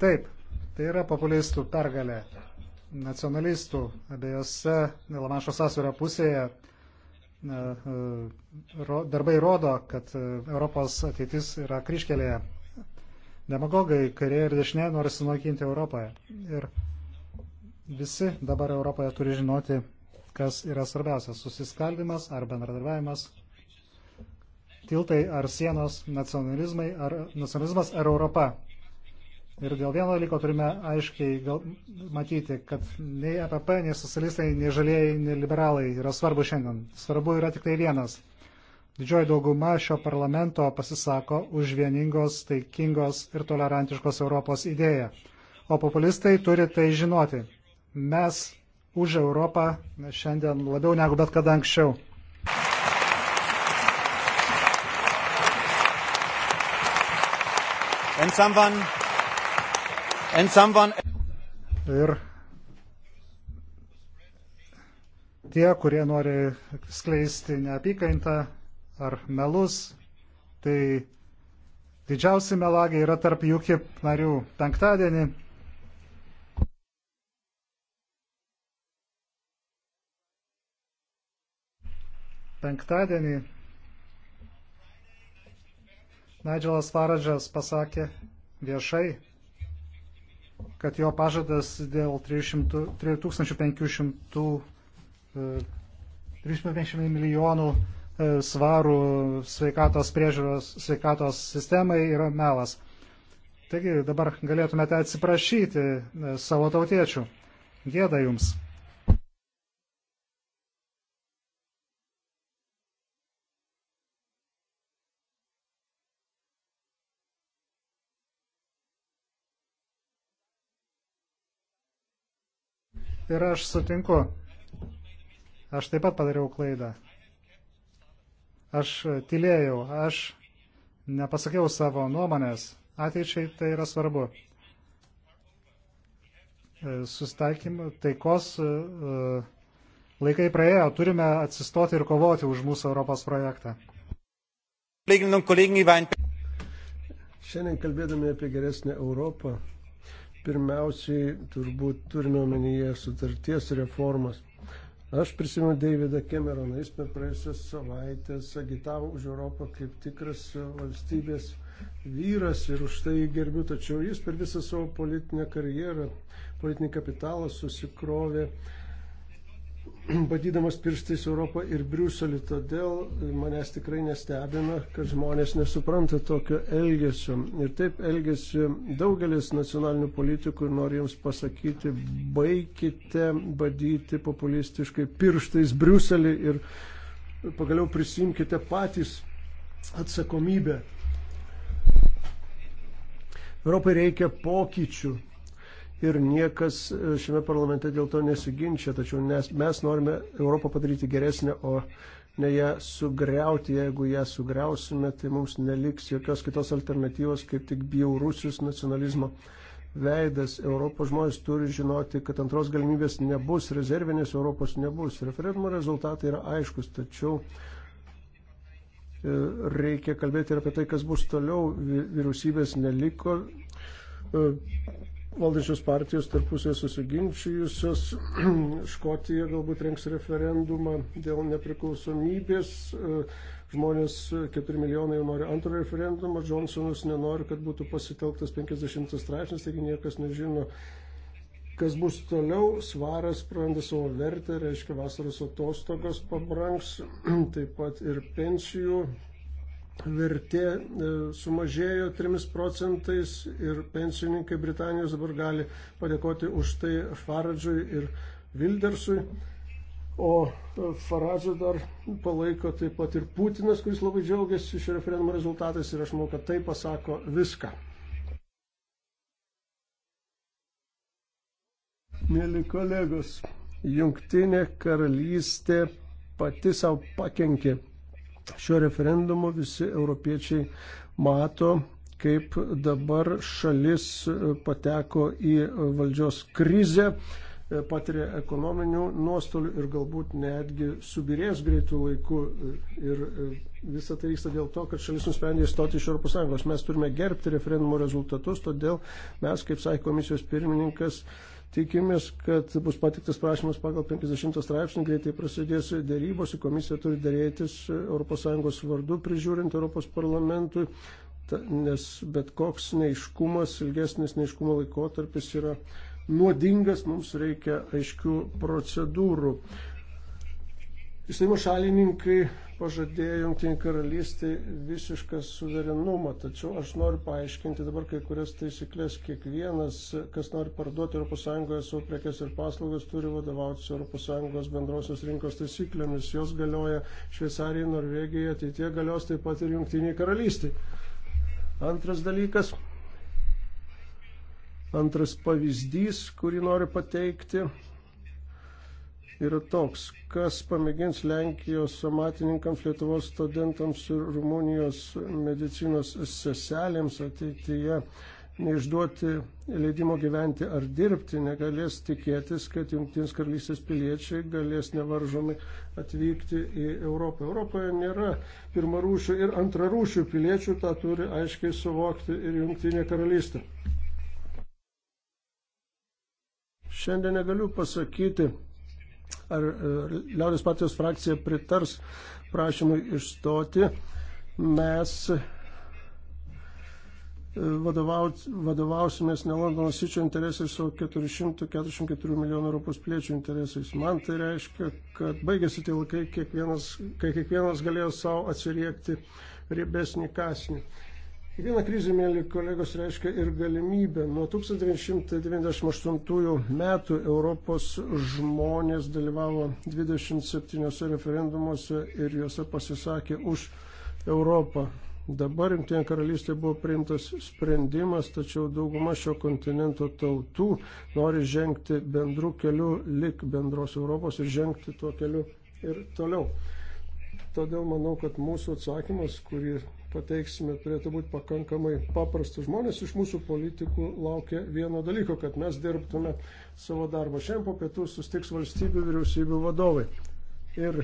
Taip, tai yra populistų pergalė nacionalistų abiejose Nilamašo sąsvėrio pusėje. E, e, darbai rodo, kad e, Europos ateitis yra kryškelėje. Demagogai, kairė ir dešinė, nori sunaikinti Europoje. Ir visi dabar Europoje turi žinoti, kas yra svarbiausia - susiskaldimas ar bendradarbiavimas, tiltai ar sienos, nacionalizmai ar nacionalizmas ar Europa. Ir dėl vieno dalyko turime aiškiai gal, matyti, kad nei APP, nei socialistai, nei žalieji, nei liberalai yra svarbu šiandien. Svarbu yra tik tai vienas. Didžioji dauguma šio parlamento pasisako už vieningos, taikingos ir tolerantiškos Europos idėją. O populistai turi tai žinoti. Mes už Europą šiandien labiau negu bet kada anksčiau. And someone Someone... Ir tie, kurie nori skleisti neapykaintą ar melus, tai didžiausi melagiai yra tarp UKIP narių penktadienį. Penktadienį Nigelas Faradžas pasakė viešai, kad jo pažadas dėl 300, 3500 350 milijonų e, svarų sveikatos priežiūros sveikatos sistemai yra melas. Taigi dabar galėtumėte atsiprašyti e, savo tautiečių. Gėda jums. Ir aš sutinku, aš taip pat padariau klaidą. Aš tylėjau, aš nepasakiau savo nuomonės. Ateičiai tai yra svarbu. Susitaikym, taikos e, laikai praėjo, turime atsistoti ir
kovoti už mūsų Europos projektą. Šiandien kalbėdami apie geresnę Europą, Pirmiausiai turbūt turime omenyje sutarties reformas. Aš prisimenu Davidą Cameroną, jis per praėjusias savaitės agitavo už Europą kaip tikras valstybės vyras ir už tai gerbiu, tačiau jis per visą savo politinę karjerą, politinį kapitalą susikrovė uh, (clears throat) badydamas pirštais Europą ir Briuselį. Todėl manęs tikrai nestebina, kad žmonės nesupranta tokio elgesio. Ir taip elgesi daugelis nacionalinių politikų ir noriu jums pasakyti, baikite badyti populistiškai pirštais Briuselį ir pagaliau prisimkite patys atsakomybę. Europai reikia pokyčių ir niekas e, šiame parlamente dėl to nesiginčia, tačiau mes norime Europą padaryti geresnę, o ne ją sugriauti, jeigu ją sugriausime, tai mums neliks jokios kitos alternatyvos, kaip tik bjaurusius nacionalizmo veidas. Europos žmonės turi žinoti, kad antros galimybės nebus, rezervinės Europos nebus. Referendumo rezultatai yra aiškus, tačiau e, reikia kalbėti ir apie tai, kas bus toliau. Vyriausybės neliko, e, valdančios partijos tarpusai susiginčijusios. (clears throat) Škotija galbūt renks referendumą dėl nepriklausomybės. Žmonės 4 milijonai jau nori antro referendumo. Johnsonas nenori, kad būtų pasitelktas 50 straipsnis, taigi niekas nežino, kas bus toliau. Svaras praranda savo vertę, reiškia vasaros atostogos pabranks, (clears throat) taip pat ir pensijų vertė e, sumažėjo 3 procentais ir pensininkai Britanijos dabar gali padėkoti už tai Faradžui ir Vildersui. O e, Faradžą dar palaiko taip pat ir Putinas, kuris labai džiaugiasi šio referendumo rezultatais ir aš manau, kad tai pasako viską. Mėly kolegos, jungtinė karalystė pati savo pakenkė šio referendumo visi europiečiai mato, kaip dabar šalis pateko į valdžios krizę, patiria ekonominių nuostolių ir galbūt netgi subirės greitų laikų. Ir visą tai vyksta dėl to, kad šalis nusprendė įstoti iš ES. Mes turime gerbti referendumo rezultatus, todėl mes, kaip sakė komisijos pirmininkas, Tikimės, kad bus patiktas prašymas pagal 50 straipsnį, greitai prasidės dėrybos, komisija turi dėrėtis ES vardu, prižiūrint ES parlamentui, nes bet koks neiškumas, ilgesnis neiškumo laikotarpis yra nuodingas, mums reikia aiškių procedūrų. Įstojimo šalininkai pažadėjo Junktinį karalystį visišką suverenumą, tačiau aš noriu paaiškinti dabar kai kurias taisyklės. Kiekvienas, kas nori parduoti ES savo prekes ir paslaugas, turi vadovautis ES bendrosios rinkos taisyklėmis. Jos galioja Šveicarijai, Norvegijai, ateitie galios taip pat ir Junktinį karalystį. Antras dalykas. Antras pavyzdys, kurį noriu pateikti, yra toks, kas pamėgins Lenkijos amatininkams, Lietuvos studentams ir Rumunijos medicinos seselėms ateityje neišduoti leidimo gyventi ar dirbti, negalės tikėtis, kad Junktinės karalystės piliečiai galės nevaržomi atvykti į Europą. Europoje nėra pirmarūšių ir antrarūšių piliečių, tą turi aiškiai suvokti ir Junktinė karalystė. Šiandien negaliu pasakyti, ar e, Liaudės partijos frakcija pritars prašymui išstoti, mes e, vadovausimės ne Londono sičio interesais, o 444 milijonų Europos piliečių interesais. Man tai reiškia, kad baigėsi tie laikai, kai kiekvienas galėjo savo atsiriekti riebesnį kasnį. Kiekviena krizė, mėly kolegos, reiškia ir galimybę. Nuo 1998 metų Europos žmonės dalyvavo 27 referendumuose ir juose pasisakė už Europą. Dabar Junktinė karalystė buvo priimtas sprendimas, tačiau dauguma šio kontinento tautų nori žengti bendrų kelių lik bendros Europos ir žengti tuo keliu ir toliau. Todėl manau, kad mūsų atsakymas, kurį pateiksime, turėtų būti pakankamai paprastas. Žmonės iš mūsų politikų laukia vieno dalyko, kad mes dirbtume savo darbą. Šiandien po pietų sustiks valstybių vyriausybių vadovai. Ir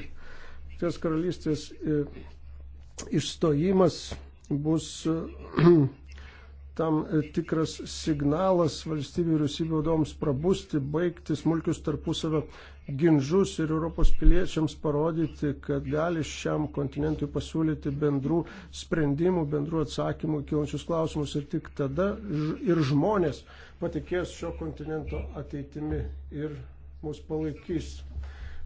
ties karalystės e, išstojimas bus (clears throat) tam e, tikras signalas valstybių vyriausybių vadovams prabusti, baigti smulkius tarpusavio ginžus ir Europos piliečiams parodyti, kad gali šiam kontinentui pasiūlyti bendrų sprendimų, bendrų atsakymų kilančius klausimus ir tik tada ir žmonės patikės šio kontinento ateitimi ir mus palaikys.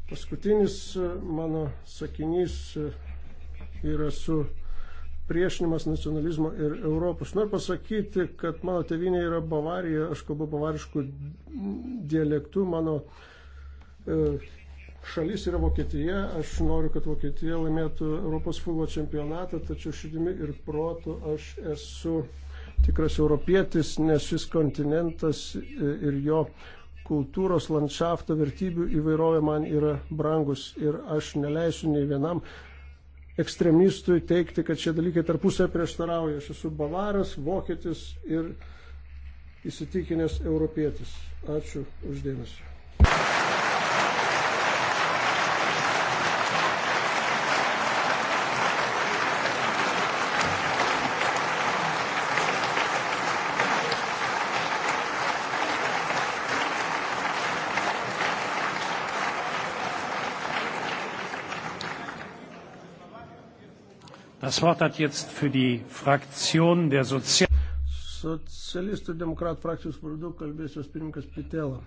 Paskutinis e, mano sakinys e, yra su priešinimas nacionalizmo ir Europos. Noriu pasakyti, kad mano tevinė yra Bavarija, aš kalbu bavariškų dialektų, mano uh, E, šalis yra Vokietija. Aš noriu, kad Vokietija laimėtų Europos futbolo čempionatą, tačiau širdimi ir protu aš esu tikras europietis, nes šis kontinentas ir jo kultūros landšafto vertybių įvairovė man yra brangus ir aš neleisiu nei vienam ekstremistui teikti, kad šie dalykai tarpusai prieštarauja. Aš esu bavaras, vokietis ir įsitikinęs europietis. Ačiū uždėmesį.
Das Wort hat jetzt für die Fraktion der Sozial
Socialistų demokratų frakcijos vardu kalbėsios pirmininkas Pitela.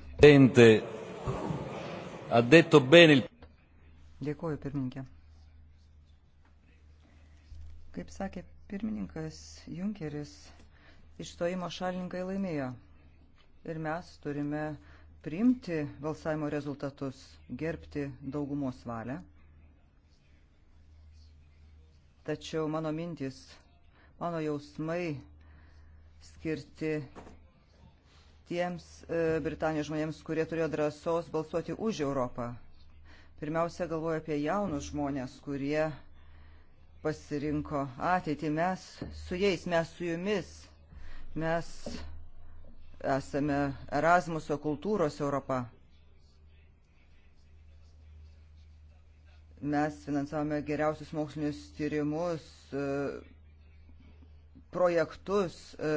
Dėkuoju, pirmininkė. Kaip sakė pirmininkas Junkeris, išstojimo šalininkai laimėjo. Ir mes turime priimti balsavimo rezultatus, gerbti daugumos valią Tačiau mano mintis, mano jausmai skirti tiems e, Britanijos žmonėms, kurie turėjo drąsos balsuoti už Europą. Pirmiausia, galvoju apie jaunus žmonės, kurie pasirinko ateitį. Mes su jais, mes su jumis, mes esame Erasmuso kultūros Europa. Mes finansavome geriausius mokslinius tyrimus, e, projektus e,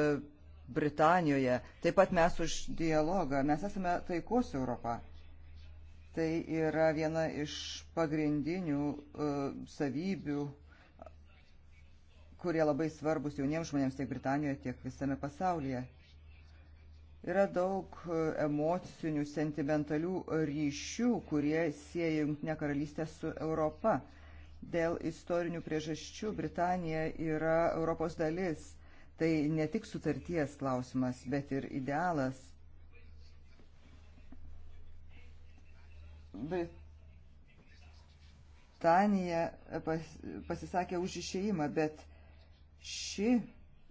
Britanijoje. Taip pat mes už dialogą. Mes esame taikos Europą. Tai yra viena iš pagrindinių uh, savybių, kurie labai svarbus jauniems žmonėms tiek Britanijoje, tiek visame pasaulyje. Yra daug e, emocinių, sentimentalių ryšių, kurie sieja Junktinę karalystę su Europa. Dėl istorinių priežasčių Britanija yra Europos dalis. Tai ne tik sutarties klausimas, bet ir idealas. Britanija pas, pasisakė už išeimą, bet ši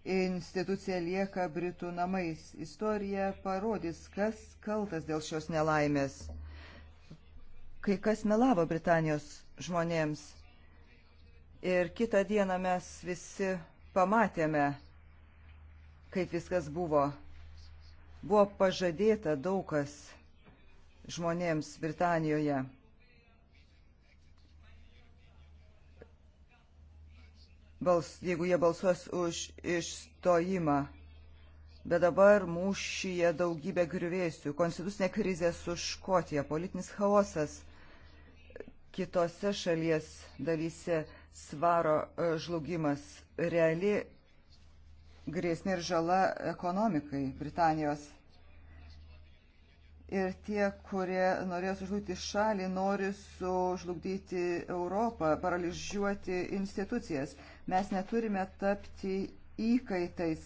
institucija lieka Britų namais. Istorija parodys, kas kaltas dėl šios nelaimės. Kai kas melavo Britanijos žmonėms. Ir kitą dieną mes visi pamatėme, kaip viskas buvo. Buvo pažadėta daug kas žmonėms Britanijoje. bals, jeigu jie balsuos už išstojimą. Bet dabar mūšyje daugybė grįvėsių, konstitucinė krizė su Škotija, politinis chaosas kitose šalies dalyse svaro e, žlugimas, reali grėsmė ir žala ekonomikai Britanijos. Ir tie, kurie norėjo sužlugdyti šalį, nori sužlugdyti Europą, paralyžiuoti institucijas. Mes neturime tapti įkaitais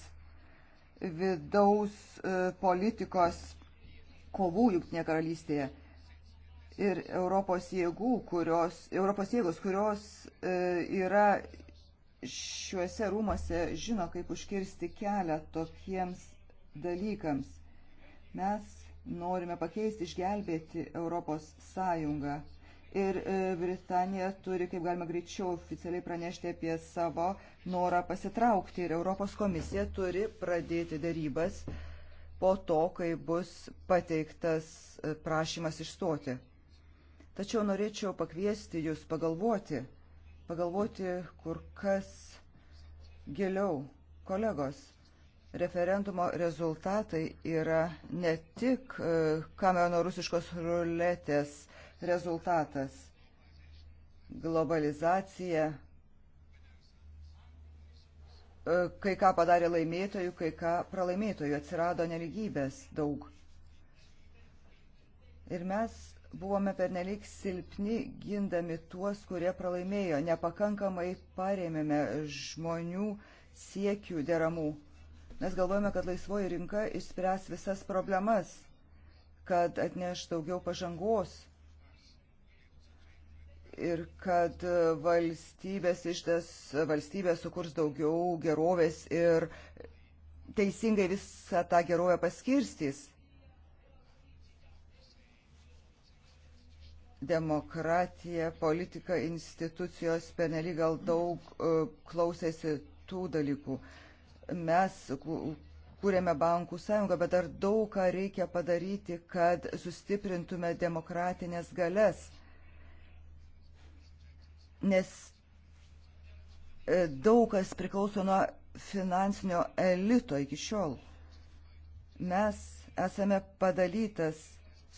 vidaus e, politikos kovų Junktinėje karalystėje ir Europos, jėgų, kurios, Europos jėgos, kurios e, yra šiuose rūmose, žino, kaip užkirsti kelią tokiems dalykams. Mes norime pakeisti, išgelbėti Europos Sąjungą ir e, Britanija turi kaip galima greičiau oficialiai pranešti apie savo norą pasitraukti ir Europos komisija turi pradėti darybas po to, kai bus pateiktas e, prašymas išstoti. Tačiau norėčiau pakviesti jūs pagalvoti, pagalvoti kur kas giliau, kolegos. Referendumo rezultatai yra ne tik e, Kamerono rusiškos ruletės rezultatas. Globalizacija e, kai ką padarė laimėtojų, kai ką pralaimėtojų, atsirado neligybės daug. Ir mes buvome pernelyg silpni gindami tuos, kurie pralaimėjo, nepakankamai paremėme žmonių siekių deramų. Mes galvojame, kad laisvoji rinka išspręs visas problemas, kad atneš daugiau pažangos ir kad valstybės išdas, valstybės sukurs daugiau gerovės ir teisingai visą tą gerovę paskirstys. Demokratija, politika, institucijos penelį gal daug e, klausėsi tų dalykų. Mes kūrėme bankų sąjungą, bet dar daug ką reikia padaryti, kad sustiprintume demokratinės galės nes e, daug kas priklauso nuo finansinio elito iki šiol. Mes esame padalytas,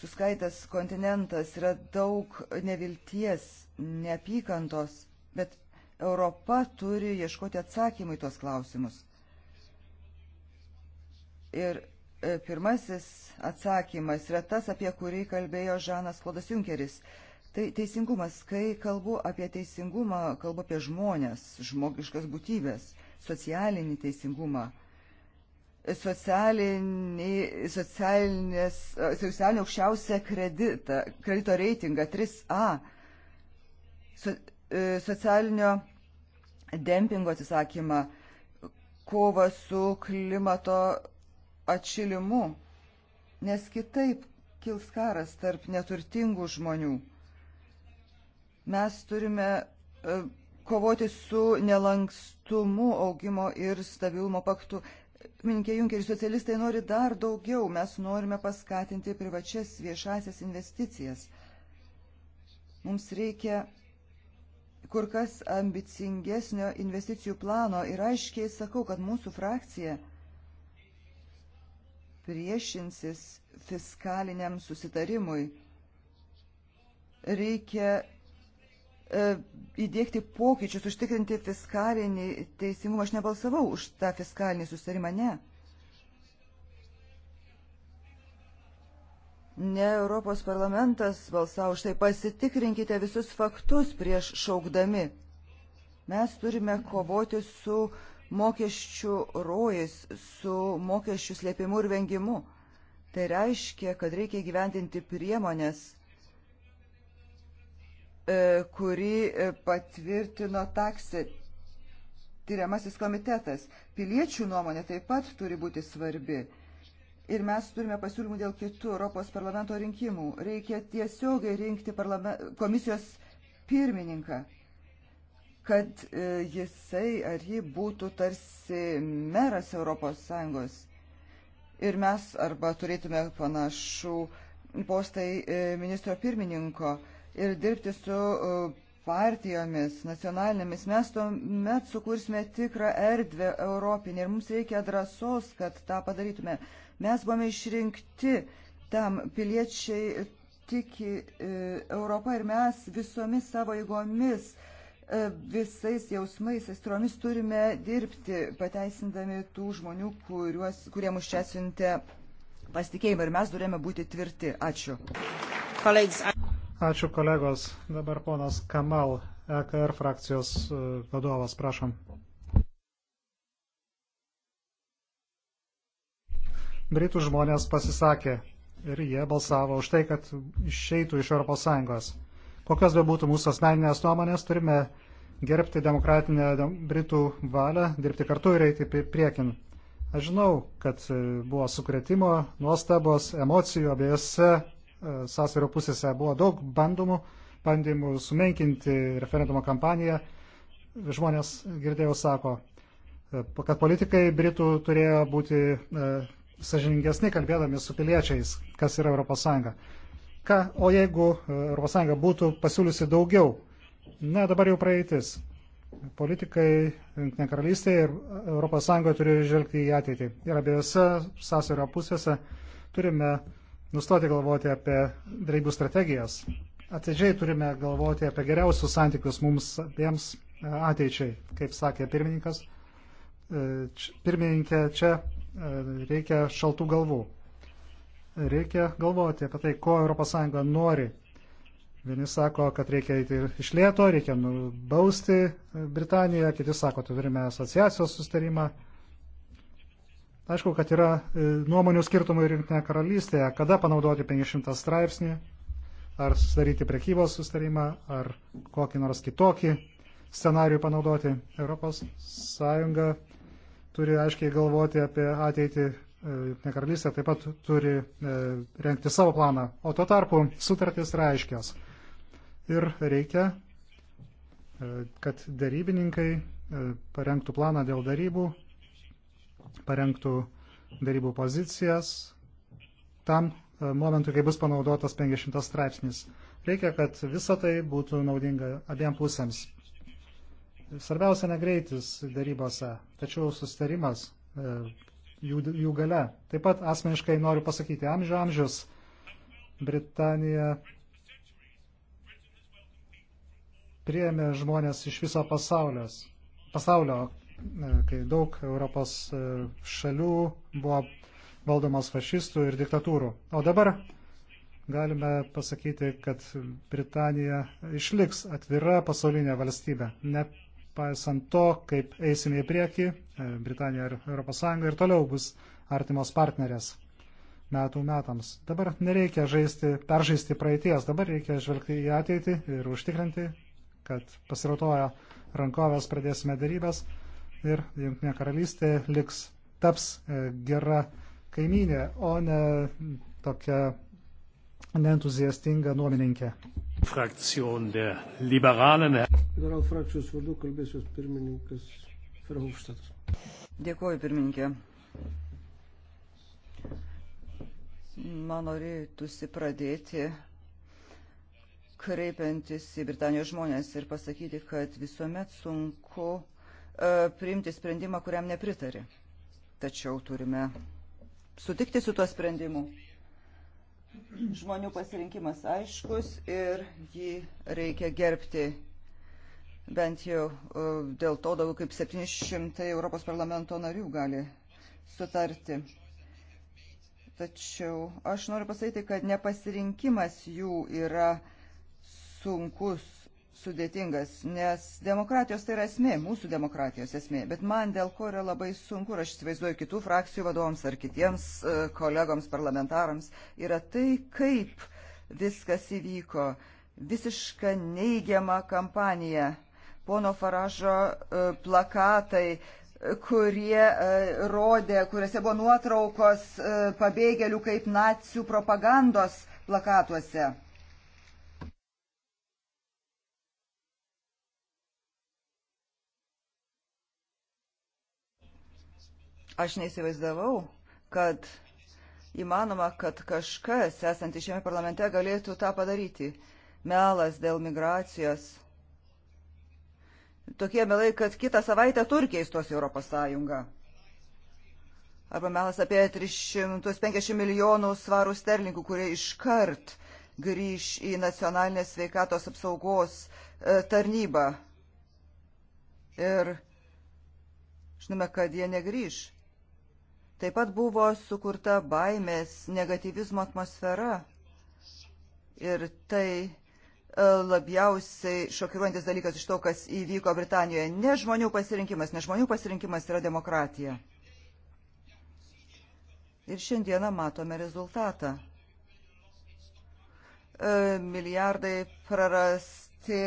suskaitas kontinentas, yra daug nevilties, neapykantos, bet Europa turi ieškoti atsakymų į tuos klausimus. Ir e, pirmasis atsakymas yra tas, apie kurį kalbėjo Žanas Klodas Junkeris. Tai teisingumas, kai kalbu apie teisingumą, kalbu apie žmonės, žmogiškas būtybės, socialinį teisingumą, socialinį, socialinį aukščiausią kreditą, kredito reitingą 3A, so, e, socialinio dempingo atsisakymą, kovą su klimato atšilimu, nes kitaip kils karas tarp neturtingų žmonių Mes turime e, kovoti su nelankstumu augimo ir stabilumo paktu. Minkė Junkeris, socialistai nori dar daugiau. Mes norime paskatinti privačias viešasias investicijas. Mums reikia kur kas ambicingesnio investicijų plano ir aiškiai sakau, kad mūsų frakcija priešinsis fiskaliniam susitarimui. Reikia E, įdėkti pokyčius, užtikrinti fiskalinį teisingumą. Aš nebalsavau už tą fiskalinį susitarimą, ne. Ne Europos parlamentas balsavo už tai. Pasitikrinkite visus faktus prieš šaukdami. Mes turime kovoti su mokesčių rojais, su mokesčių slėpimu ir vengimu. Tai reiškia, kad reikia gyventinti priemonės E, kurį e, patvirtino taksė tyriamasis komitetas. Piliečių nuomonė taip pat turi būti svarbi. Ir mes turime pasiūlymų dėl kitų Europos parlamento rinkimų. Reikia tiesiogiai rinkti komisijos pirmininką, kad e, jisai ar ji būtų tarsi meras Europos Sąjungos. Ir mes arba turėtume panašų postai ministro pirmininko ir dirbti su e, partijomis, nacionalinėmis, mes tuomet sukursime tikrą erdvę europinį ir mums reikia drąsos, kad tą padarytume. Mes buvome išrinkti tam piliečiai tiki e, Europą ir mes visomis savo jėgomis, e, visais jausmais, aistromis turime dirbti, pateisindami tų žmonių, kuriuos, kurie mus čia siuntė pasitikėjimą ir mes turėjome būti tvirti. Ačiū.
Kolegs, Ačiū kolegos. Dabar ponas Kamal, EKR frakcijos e, vadovas, prašom. Britų žmonės pasisakė ir jie balsavo už tai, kad išeitų iš ES. Kokios be būtų mūsų asmeninės nuomonės, turime gerbti demokratinę Britų valią, dirbti kartu ir eiti priekin. Aš žinau, kad e, buvo sukretimo, nuostabos, emocijų abiejose E, sąsvario pusėse buvo daug bandymų, bandymų sumenkinti referendumo kampaniją. Žmonės, girdėjau, sako, e, kad politikai Britų turėjo būti e, sažiningesni kalbėdami su piliečiais, kas yra ES. Ką, o jeigu ES būtų pasiūliusi daugiau? Na, dabar jau praeitis. Politikai Junktinė karalystė ir ES turi žvelgti į ateitį. Ir abiejose sąsirio pusėse turime uh, nustoti galvoti apie dreibų strategijas. Atidžiai turime galvoti apie geriausius santykius mums abiems e, ateičiai, kaip sakė pirmininkas. E, pirmininkė, čia e, reikia šaltų galvų. Reikia galvoti apie tai, ko ES nori. Vieni sako, kad reikia eiti iš lėto, reikia nubausti Britaniją, kiti sako, turime asociacijos sustarimą. Aišku, kad yra e, nuomonių skirtumų ir Junktinė karalystėje, kada panaudoti 500 straipsnį, ar susidaryti prekybos sustarimą, ar kokį nors kitokį scenarių panaudoti. Europos Sąjunga turi aiškiai galvoti apie ateitį, e, Junktinė karalystė taip pat turi e, renkti savo planą, o tuo tarpu sutartys yra aiškios. Ir reikia, kad darybininkai parengtų planą dėl darybų parengtų darybų pozicijas tam e, momentui, kai bus panaudotas 50 straipsnis. Reikia, kad visa tai būtų naudinga abiem pusėms. Svarbiausia ne greitis darybose, tačiau sustarimas e, jų, jų gale. Taip pat asmeniškai noriu pasakyti, amžių amžius Britanija priėmė žmonės iš viso pasaulios, pasaulio, E, kai daug Europos e, šalių buvo valdomos fašistų ir diktatūrų. O dabar galime pasakyti, kad Britanija išliks atvira pasaulinė valstybė. Nepaisant to, kaip eisime į priekį, e, Britanija ir ES ir toliau bus artimos partnerės metų metams. Dabar nereikia žaisti, peržaisti praeities, dabar reikia žvelgti į ateitį ir užtikrinti, kad pasirautoja rankovės pradėsime darybas ir Junktinė karalystė liks, taps e, gera kaimynė, o ne tokia neentuziastinga nuomininkė.
Frakcijų liberalų
frakcijos vardu kalbės jos pirmininkas Ferhofštatas. Dėkuoju, pirmininkė.
Man norėtųsi pradėti kreipiantis į Britanijos žmonės ir pasakyti, kad visuomet sunku E, priimti sprendimą, kuriam nepritari. Tačiau turime sutikti su tuo sprendimu. Žmonių pasirinkimas aiškus ir jį reikia gerbti. Bent jau e, dėl to daugiau kaip 700 Europos parlamento narių gali sutarti. Tačiau aš noriu pasakyti, kad nepasirinkimas jų yra sunkus sudėtingas, nes demokratijos tai yra esmė, mūsų demokratijos esmė. Bet man dėl ko yra labai sunku, ir aš įsivaizduoju kitų frakcijų vadovams ar kitiems e, kolegoms parlamentarams, yra tai, kaip viskas įvyko. Visiška neigiama kampanija. Pono Faražo e, plakatai, e, kurie rodė, kuriuose buvo nuotraukos pabėgėlių kaip nacijų propagandos plakatuose. Aš neįsivaizdavau, kad įmanoma, kad kažkas, esant šiame parlamente, galėtų tą padaryti. Melas dėl migracijos. Tokie melai, kad kitą savaitę Turkija įstos į Europos Sąjungą. Arba melas apie 350 milijonų svarų sterlingų, kurie iškart grįž į nacionalinės sveikatos apsaugos e, tarnybą. Ir žinome, kad jie negrįž. Taip pat buvo sukurta baimės, negativizmo atmosfera. Ir tai e, labiausiai šokiruojantis dalykas iš to, kas įvyko Britanijoje. Ne žmonių pasirinkimas, ne žmonių pasirinkimas yra demokratija. Ir šiandieną matome rezultatą. E, milijardai prarasti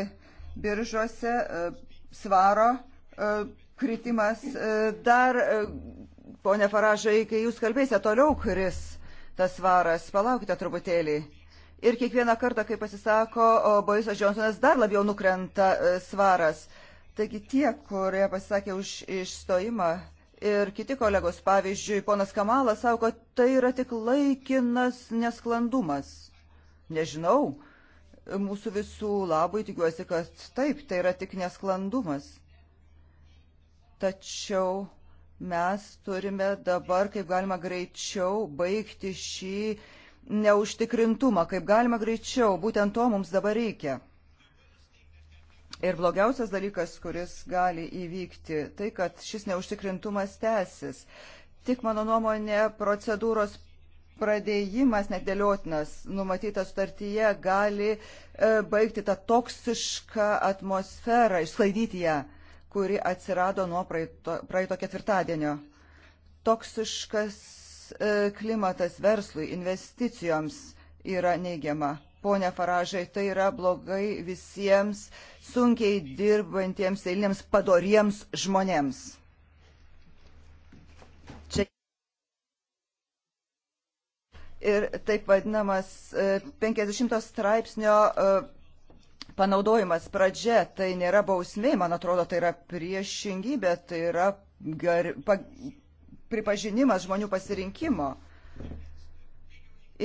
biržose, e, svaro kritimas, dar Pone Faražai, kai jūs kalbėsite toliau, kuris tas varas, palaukite truputėlį. Ir kiekvieną kartą, kai pasisako Borisas Džonsonas, dar labiau nukrenta e, svaras. Taigi tie, kurie pasisakė už išstojimą ir kiti kolegos, pavyzdžiui, ponas Kamalas sako, kad tai yra tik laikinas nesklandumas. Nežinau, mūsų visų labai tikiuosi, kad taip, tai yra tik nesklandumas. Tačiau Mes turime dabar, kaip galima greičiau, baigti šį neužtikrintumą, kaip galima greičiau. Būtent to mums dabar reikia. Ir blogiausias dalykas, kuris gali įvykti, tai kad šis neužtikrintumas tęsis. Tik mano nuomonė, procedūros pradėjimas nedėliotinas, numatytas sutartyje, gali e, baigti tą toksišką atmosferą, išsklaidyti ją kuri atsirado nuo praeito, praeito ketvirtadienio. Toksiškas e, klimatas verslui, investicijoms yra neigiama. Pone Faražai, tai yra blogai visiems sunkiai dirbantiems eiliniams padoriems žmonėms. Čia ir taip vadinamas 50 e, straipsnio e, panaudojimas pradžia tai nėra bausmė, man atrodo, tai yra priešingybė, tai yra gar, pa, pripažinimas žmonių pasirinkimo.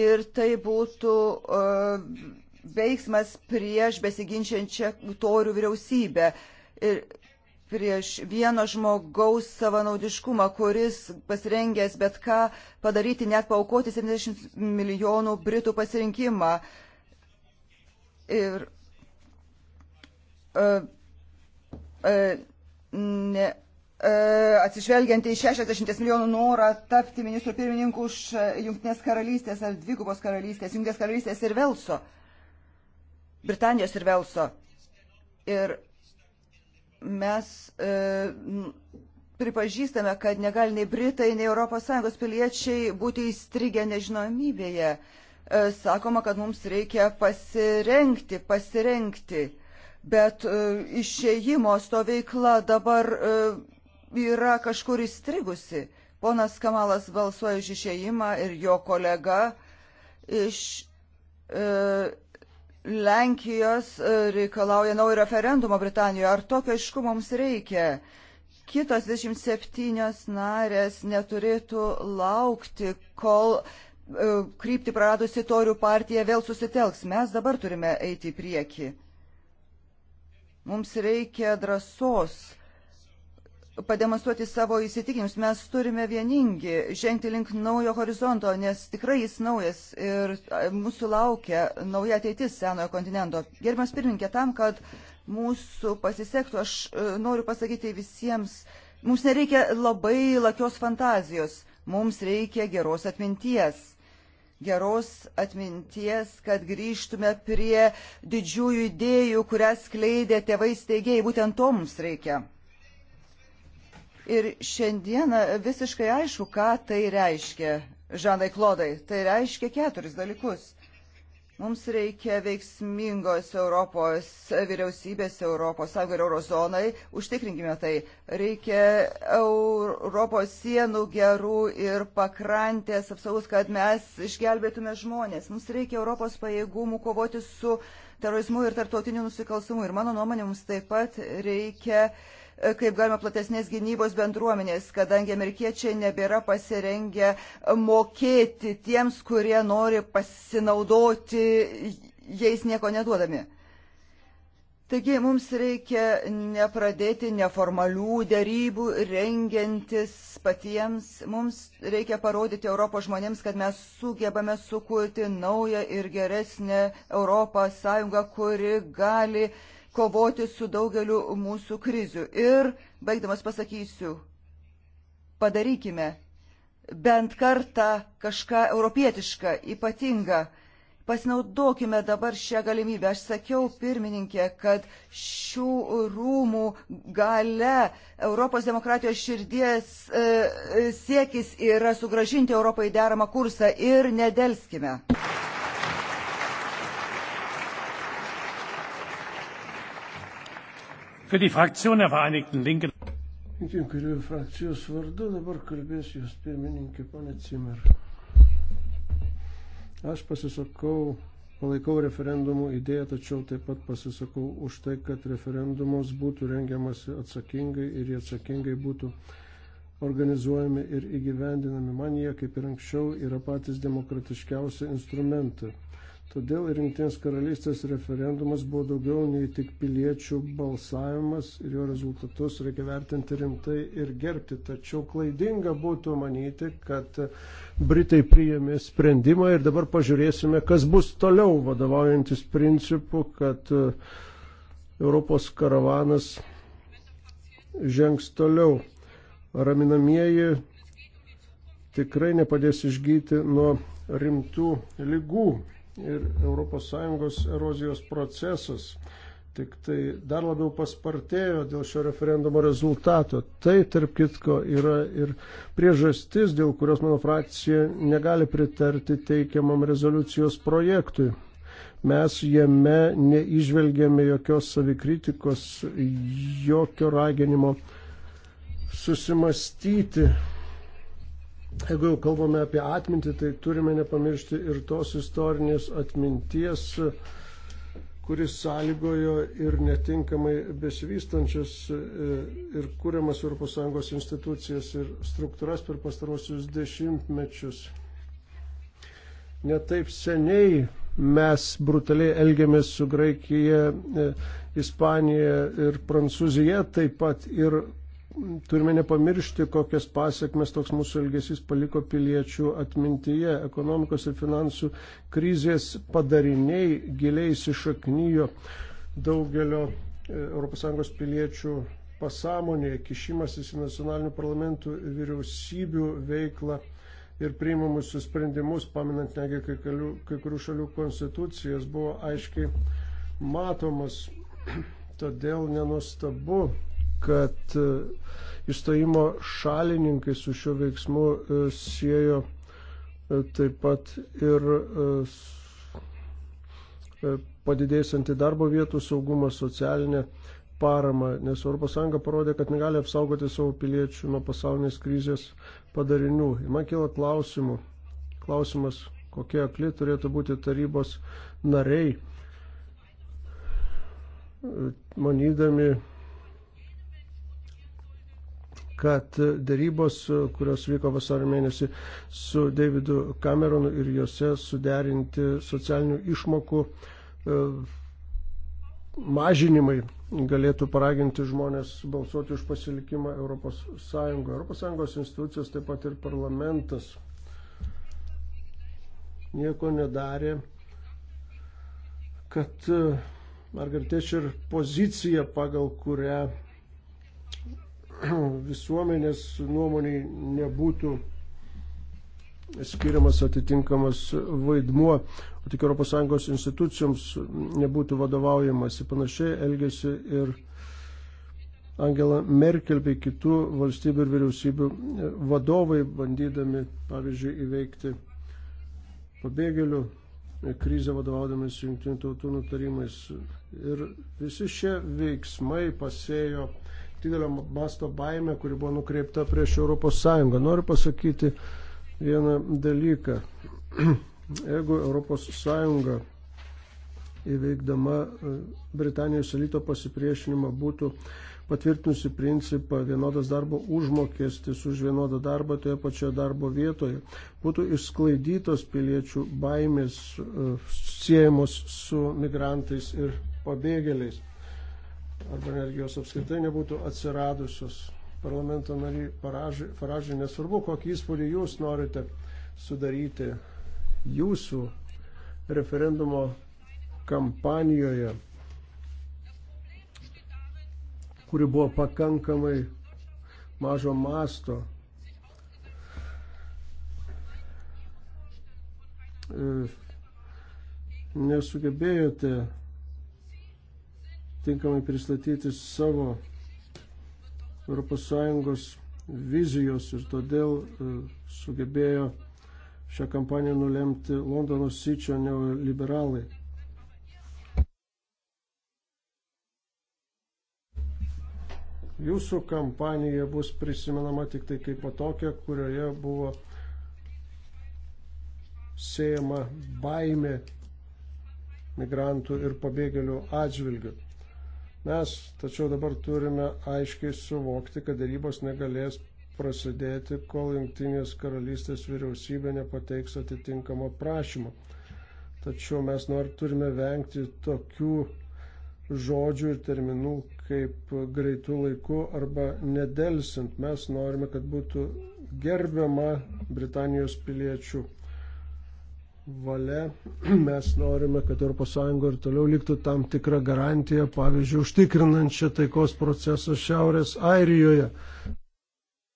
Ir tai būtų uh, veiksmas prieš besiginčiančią torių vyriausybę. Ir prieš vieno žmogaus savanaudiškumą, kuris pasirengęs bet ką padaryti, net paukoti 70 milijonų Britų pasirinkimą. Ir E, e, ne, e, atsižvelgiant į 60 milijonų norą tapti ministrų pirmininku už Junktinės karalystės ar dvigubos karalystės, Junktinės karalystės ir Velso, Britanijos ir Velso. Ir mes e, pripažįstame, kad negali nei Britai, nei ES piliečiai būti įstrigę nežinomybėje. E, sakoma, kad mums reikia pasirenkti, pasirenkti bet e, išėjimo stovykla dabar e, yra kažkur įstrigusi. Ponas Kamalas balsuoja už išėjimą ir jo kolega iš e, Lenkijos e, reikalauja naujo referendumo Britanijoje. Ar tokio aišku mums reikia? Kitos 27 narės neturėtų laukti, kol e, krypti praradusi torių partija vėl susitelks. Mes dabar turime eiti į priekį. Mums reikia drąsos pademonstruoti savo įsitikinimus. Mes turime vieningi žengti link naujo horizonto, nes tikrai jis naujas ir mūsų laukia nauja ateitis senojo kontinento. Gerbiamas pirmininkė, tam, kad mūsų pasisektų, aš e, noriu pasakyti visiems, mums nereikia labai lakios fantazijos, mums reikia geros atminties geros atminties, kad grįžtume prie didžiųjų idėjų, kurias kleidė tėvai steigėjai. Būtent to mums reikia. Ir šiandieną visiškai aišku, ką tai reiškia, Žanai Klodai. Tai reiškia keturis dalykus. Mums reikia veiksmingos Europos vyriausybės, Europos Sąjungai ir Eurozonai. Užtikrinkime tai. Reikia Europos sienų gerų ir pakrantės apsaus, kad mes išgelbėtume žmonės. Mums reikia Europos pajėgumų kovoti su terorizmu ir tarptautiniu nusikalstumu. Ir mano nuomonė, mums taip pat reikia uh, kaip galima platesnės gynybos bendruomenės, kadangi amerikiečiai nebėra pasirengę mokėti tiems, kurie nori pasinaudoti jais nieko neduodami. Taigi mums reikia nepradėti neformalių dėrybų, rengiantis patiems. Mums reikia parodyti Europos žmonėms, kad mes sugebame sukurti naują ir geresnę Europos Sąjungą, kuri gali uh, kovoti su daugeliu mūsų krizių. Ir, baigdamas pasakysiu, padarykime bent kartą kažką europietišką, ypatingą. Pasinaudokime dabar šią galimybę. Aš sakiau pirmininkė, kad šių rūmų gale Europos demokratijos širdies e, siekis yra sugražinti Europai deramą kursą ir nedelskime.
Für die Fraktion der Vereinigten Linken.
Jungtinių kairiųjų frakcijos vardu dabar kalbės jūs pirmininkė ponė Cimer. Aš pasisakau, palaikau referendumų idėją, tačiau taip pat pasisakau už tai, kad referendumams būtų rengiamasi atsakingai ir jie atsakingai būtų organizuojami ir įgyvendinami. Man jie, kaip ir anksčiau, yra patys demokratiškiausi instrumentai. Todėl ir Junktinės karalystės referendumas buvo daugiau nei tik piliečių balsavimas ir jo rezultatus reikia vertinti rimtai ir gerbti. Tačiau klaidinga būtų manyti, kad Britai priėmė sprendimą ir dabar pažiūrėsime, kas bus toliau vadovaujantis principu, kad uh, Europos karavanas žengs toliau. Raminamieji tikrai nepadės išgyti nuo rimtų lygų ir ES erozijos procesas tik tai dar labiau paspartėjo dėl šio referendumo rezultato. Tai, tarp kitko, yra ir priežastis, dėl kurios mano frakcija negali pritarti teikiamam rezoliucijos projektui. Mes jame neižvelgėme jokios savikritikos, jokio raginimo susimastyti Jeigu jau kalbame apie atmintį, tai turime nepamiršti ir tos istorinės atminties, kuris sąlygojo ir netinkamai besivystančias e, ir kūriamas ES institucijas ir struktūras per pastarosius dešimtmečius. Netaip seniai mes brutaliai elgiamės su Graikija, e, Ispanija ir Prancūzija, taip pat ir turime nepamiršti, kokias pasiekmes toks mūsų elgesys paliko piliečių atmintyje. Ekonomikos ir finansų krizės padariniai giliai įsišaknyjo daugelio e, ES piliečių pasąmonėje, kišimasis į nacionalinių parlamentų ir vyriausybių veiklą ir priimamus sprendimus, paminant negi kai, kalių, kai kurių šalių konstitucijas, buvo aiškiai matomas. (clears throat) Todėl nenustabu, kad e, išstojimo šalininkai su šiuo veiksmu e, siejo e, taip pat ir padidėsianti darbo vietų saugumą, socialinę paramą, nes ES parodė, kad negali apsaugoti savo piliečių nuo pasaulinės krizės padarinių. Ir man kyla klausimų. Klausimas, kokie akli turėtų būti tarybos nariai, manydami, kad darybos, kurios vyko vasario mėnesį su Davidu Cameronu ir juose suderinti socialinių išmokų e, mažinimai galėtų paraginti žmonės balsuoti už pasilikimą Europos Sąjungoje. Europos Sąjungos institucijos, taip pat ir parlamentas nieko nedarė, kad e, Margaret Thatcher pozicija, pagal kurią (clears throat) visuomenės nuomoniai nebūtų skiriamas atitinkamas vaidmuo, o tik ES institucijoms nebūtų vadovaujamas. Panašiai elgesi ir Angela Merkel bei kitų valstybių ir vyriausybių vadovai, bandydami, pavyzdžiui, įveikti pabėgėlių krizę vadovaudamas jungtinių tautų nutarimais. Ir visi šie veiksmai pasėjo didelio masto baime, kuri buvo nukreipta prieš Europos Sąjungą. Noriu pasakyti vieną dalyką. (clears throat) Jeigu Europos Sąjunga įveikdama e, Britanijos elito pasipriešinimą būtų patvirtinusi principą vienodas darbo užmokestis už vienodą darbą toje pačioje darbo vietoje, būtų išsklaidytos piliečių baimės e, siejamos su migrantais ir pabėgėliais arba netgi jos apskritai nebūtų atsiradusios. Parlamento nariai Faražai, nesvarbu, kokį įspūdį jūs norite sudaryti jūsų referendumo kampanijoje, kuri buvo pakankamai mažo masto. E, nesugebėjote tinkamai pristatyti savo ES vizijos ir todėl e, sugebėjo šią kampaniją nulemti Londono sičio neoliberalai. Jūsų kampanija bus prisimenama tik tai kaip tokia, kurioje buvo siejama baimė migrantų ir pabėgėlių atžvilgių. Mes tačiau dabar turime aiškiai suvokti, kad darybos negalės prasidėti, kol Junktinės karalystės vyriausybė nepateiks atitinkamo prašymo. Tačiau mes nor turime vengti tokių žodžių ir terminų kaip greitų laikų arba nedelsint. Mes norime, kad būtų gerbiama Britanijos piliečių valia (clears throat) mes norime, kad ES ir toliau liktų tam tikrą garantiją, pavyzdžiui, užtikrinančią taikos procesą Šiaurės Airijoje.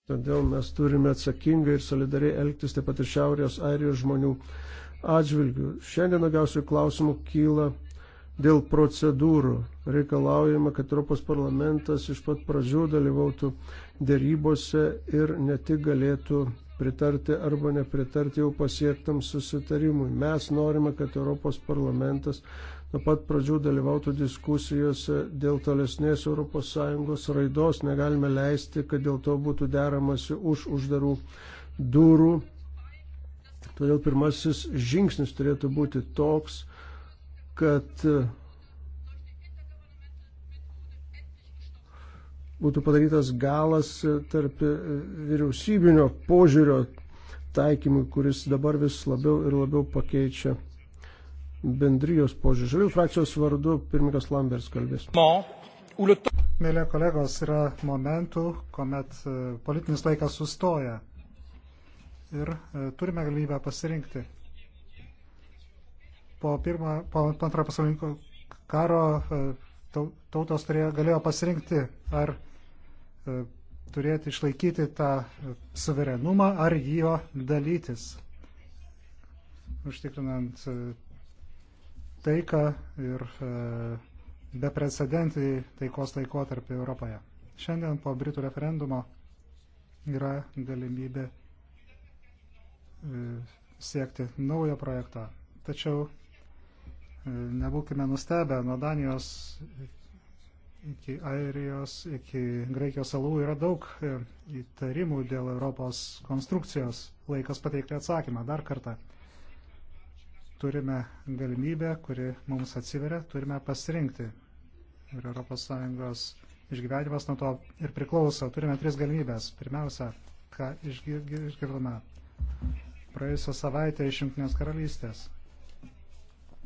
Todėl mes turime atsakingai ir solidariai elgtis taip pat ir Šiaurės Airijos žmonių atžvilgių. Šiandien daugiausiai klausimų kyla dėl procedūrų. Reikalaujama, kad Europos parlamentas iš pat pradžių dalyvautų dėrybose ir ne tik galėtų pritarti arba nepritarti jau pasiektam susitarimui. Mes norime, kad Europos parlamentas nuo pat pradžių dalyvautų diskusijose dėl tolesnės ES raidos. Negalime leisti, kad dėl to būtų deramasi už uždarų durų. Todėl pirmasis žingsnis turėtų būti toks, kad būtų padarytas galas tarp vyriausybinio požiūrio taikymui, kuris dabar vis labiau ir labiau pakeičia bendrijos požiūrį. Žalių frakcijos vardu pirmininkas Lambers kalbės.
Mėly kolegos, yra momentų, kuomet e, politinis laikas sustoja ir e, turime galimybę pasirinkti. Po, pirmą, po antrojo pasaulinio karo e, tautos turėjo, galėjo pasirinkti ar e, turėti išlaikyti tą suverenumą ar jo dalytis, užtikrinant e, taiką ir e, beprecedentį taikos laikotarpį Europoje. Šiandien po Britų referendumo yra galimybė siekti naujo projektą. Tačiau Nebūkime nustebę, nuo Danijos iki Airijos, iki Graikijos salų yra daug e, įtarimų dėl Europos konstrukcijos. Laikas pateikti atsakymą dar kartą. Turime galimybę, kuri mums atsiveria, turime pasirinkti. Ir ES išgyvenimas nuo to ir priklauso. Turime tris galimybės. Pirmiausia, ką išgirdome praėjusią savaitę iš Junktinės karalystės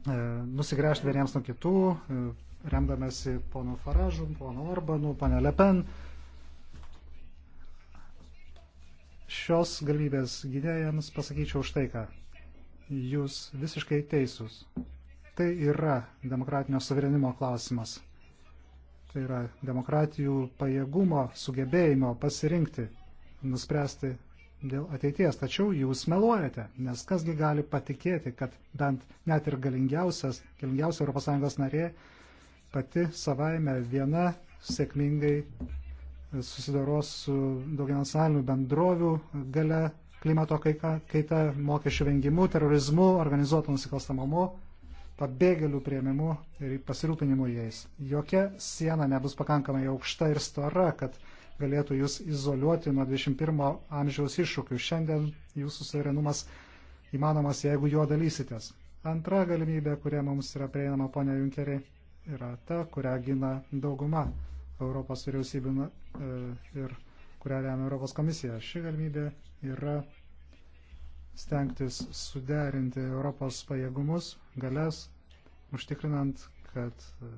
E, nusigręžti vieniems nuo kitų, e, remdamėsi pono Faražų, pono Orbanų, pane Lepen. Šios galimybės gynėjams pasakyčiau štai ką. Jūs visiškai teisūs. Tai yra demokratinio suverenimo klausimas. Tai yra demokratijų pajėgumo, sugebėjimo pasirinkti, nuspręsti dėl ateities. Tačiau jūs meluojate, nes kasgi gali patikėti, kad bent net ir galingiausias, galingiausia ES narė pati savaime viena sėkmingai susidaros su daugianacionalinių bendrovių gale klimato kaita, kaita mokesčių vengimu, terorizmu, organizuotų nusikalstamumu, pabėgėlių prieimimu ir pasirūpinimu jais. Jokia siena nebus pakankamai aukšta ir stora, kad galėtų jūs izoliuoti nuo 21 amžiaus iššūkių. Šiandien jūsų suverenumas įmanomas, jeigu juo dalysitės. Antra galimybė, kurie mums yra prieinama, ponia Junkerė, yra ta, kurią gina dauguma Europos vyriausybių e, ir kurią remia Europos komisija. Ši galimybė yra stengtis suderinti Europos pajėgumus, galės, užtikrinant, kad e,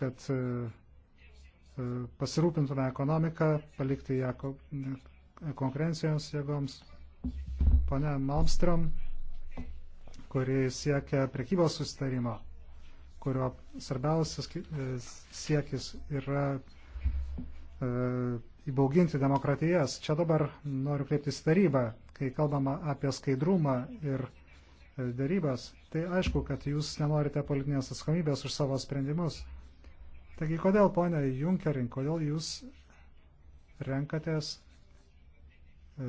kad e, e, pasirūpintume ekonomiką, palikti ją konkurencijos jėgoms. Pone Malmström, kuri siekia prekybos sustarimo, kurio svarbiausias e, siekis yra įbauginti demokratijas. Čia dabar noriu kreiptis tarybą, kai kalbama apie skaidrumą ir darybas. Tai aišku, kad jūs nenorite politinės atsakomybės už savo sprendimus. Taigi, kodėl, ponė Junkerin, kodėl jūs renkatės e,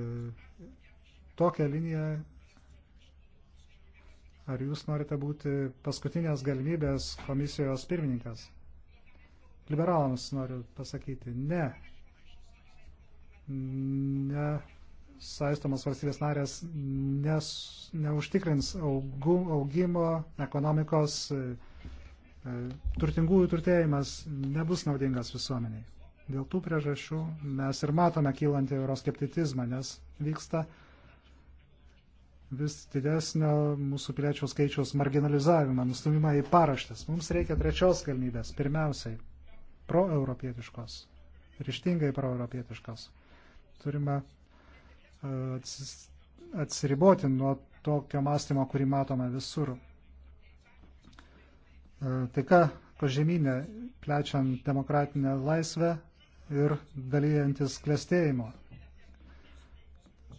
tokią liniją, ar jūs norite būti paskutinės galimybės komisijos pirmininkas? Liberalams noriu pasakyti, ne. Ne saistomas valstybės narės nes, neužtikrins augų, augimo, ekonomikos, e, E, turtingųjų turtėjimas nebus naudingas visuomeniai. Dėl tų priežasčių mes ir matome kylantį euroskepticizmą, nes vyksta vis didesnio mūsų piliečių skaičiaus marginalizavimą, nustumimą į paraštės. Mums reikia trečios galimybės, pirmiausiai proeuropietiškos, ryštingai proeuropietiškos. Turime e, atsiriboti nuo tokio mąstymo, kurį matome visur. E, taika pažeminė, plečiant demokratinę laisvę ir dalyjantis klestėjimo.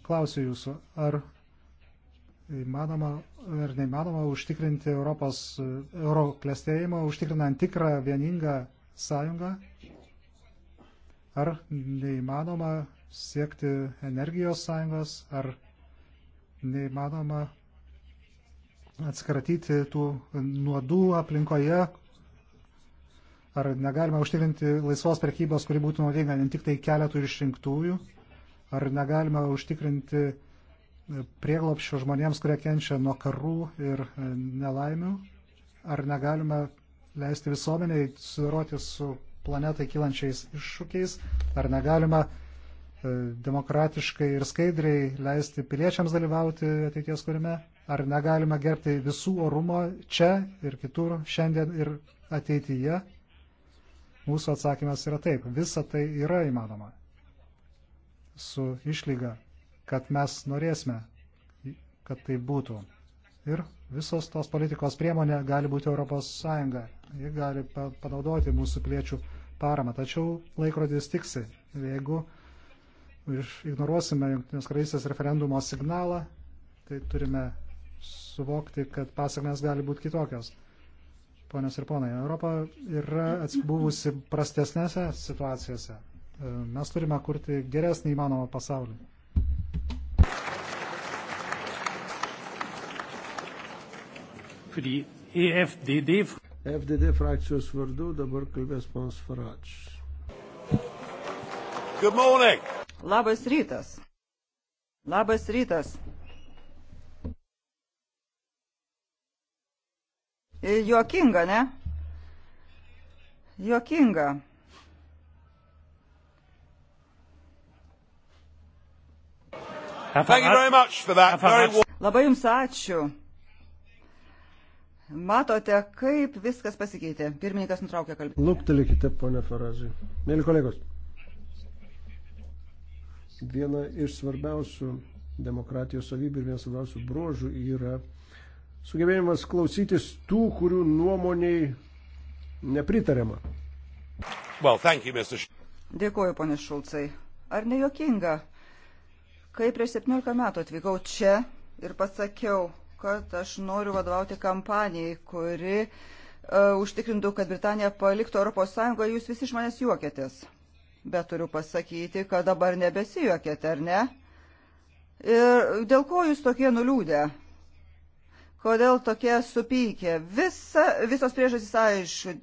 Klausiu jūsų, ar įmanoma ar neįmanoma užtikrinti Europos euro klestėjimo, užtikrinant tikrą vieningą sąjungą? Ar neįmanoma siekti energijos sąjungos, ar neįmanoma atskratyti tų nuodų aplinkoje? Ar negalime užtikrinti laisvos prekybos, kuri būtų naudinga ne tik tai keletų išrinktųjų? Ar negalime užtikrinti prieglopščio žmonėms, kurie kenčia nuo karų ir e, nelaimių? Ar negalime leisti visuomeniai sudaroti su planetai kylančiais iššūkiais? Ar negalima e, demokratiškai ir skaidriai leisti piliečiams dalyvauti ateities kūrime? Ar negalima gerbti visų orumo čia ir kitur, šiandien ir ateityje? Mūsų atsakymas yra taip, visa tai yra įmanoma. Su išlyga, kad mes norėsime, kad tai būtų. Ir visos tos politikos priemonė gali būti Europos Sąjunga. Ji gali panaudoti mūsų piliečių paramą. Tačiau laikrodis tiksi. Jeigu ignoruosime Junktinės karalystės referendumo signalą, tai turime suvokti, kad pasakmes gali būti kitokios. Ponios ir ponai, Europa yra atsibuvusi prastesnėse situacijose. E, mes turime kurti geresnį įmanomą pasaulį.
FDD. E FDD frakcijos vardu dabar kalbės ponas Farač.
Labas rytas. Labas rytas. E, juokinga, ne? Juokinga. Labai Jums ačiū. Matote, kaip viskas pasikeitė. Pirmininkas nutraukė kalbėti.
Lūptelikite, ponė Farazai. Mėly kolegos, viena iš svarbiausių demokratijos savybių ir vienas svarbiausių bruožų yra sugebėjimas klausytis tų, kurių
nuomoniai nepritariama.
Well, you,
Dėkuoju, ponė Šulcai. Ar ne jokinga, kai prieš 17 metų atvykau čia ir pasakiau, kad aš noriu vadovauti kampanijai, kuri uh, užtikrintų, kad Britanija paliktų Europos Sąjungą, jūs visi iš manęs juokėtės. Bet turiu pasakyti, kad dabar nebesijuokėte, ar ne? Ir dėl ko jūs tokie nuliūdę? Kodėl tokie supykė? Visa, visos priežastys aišku.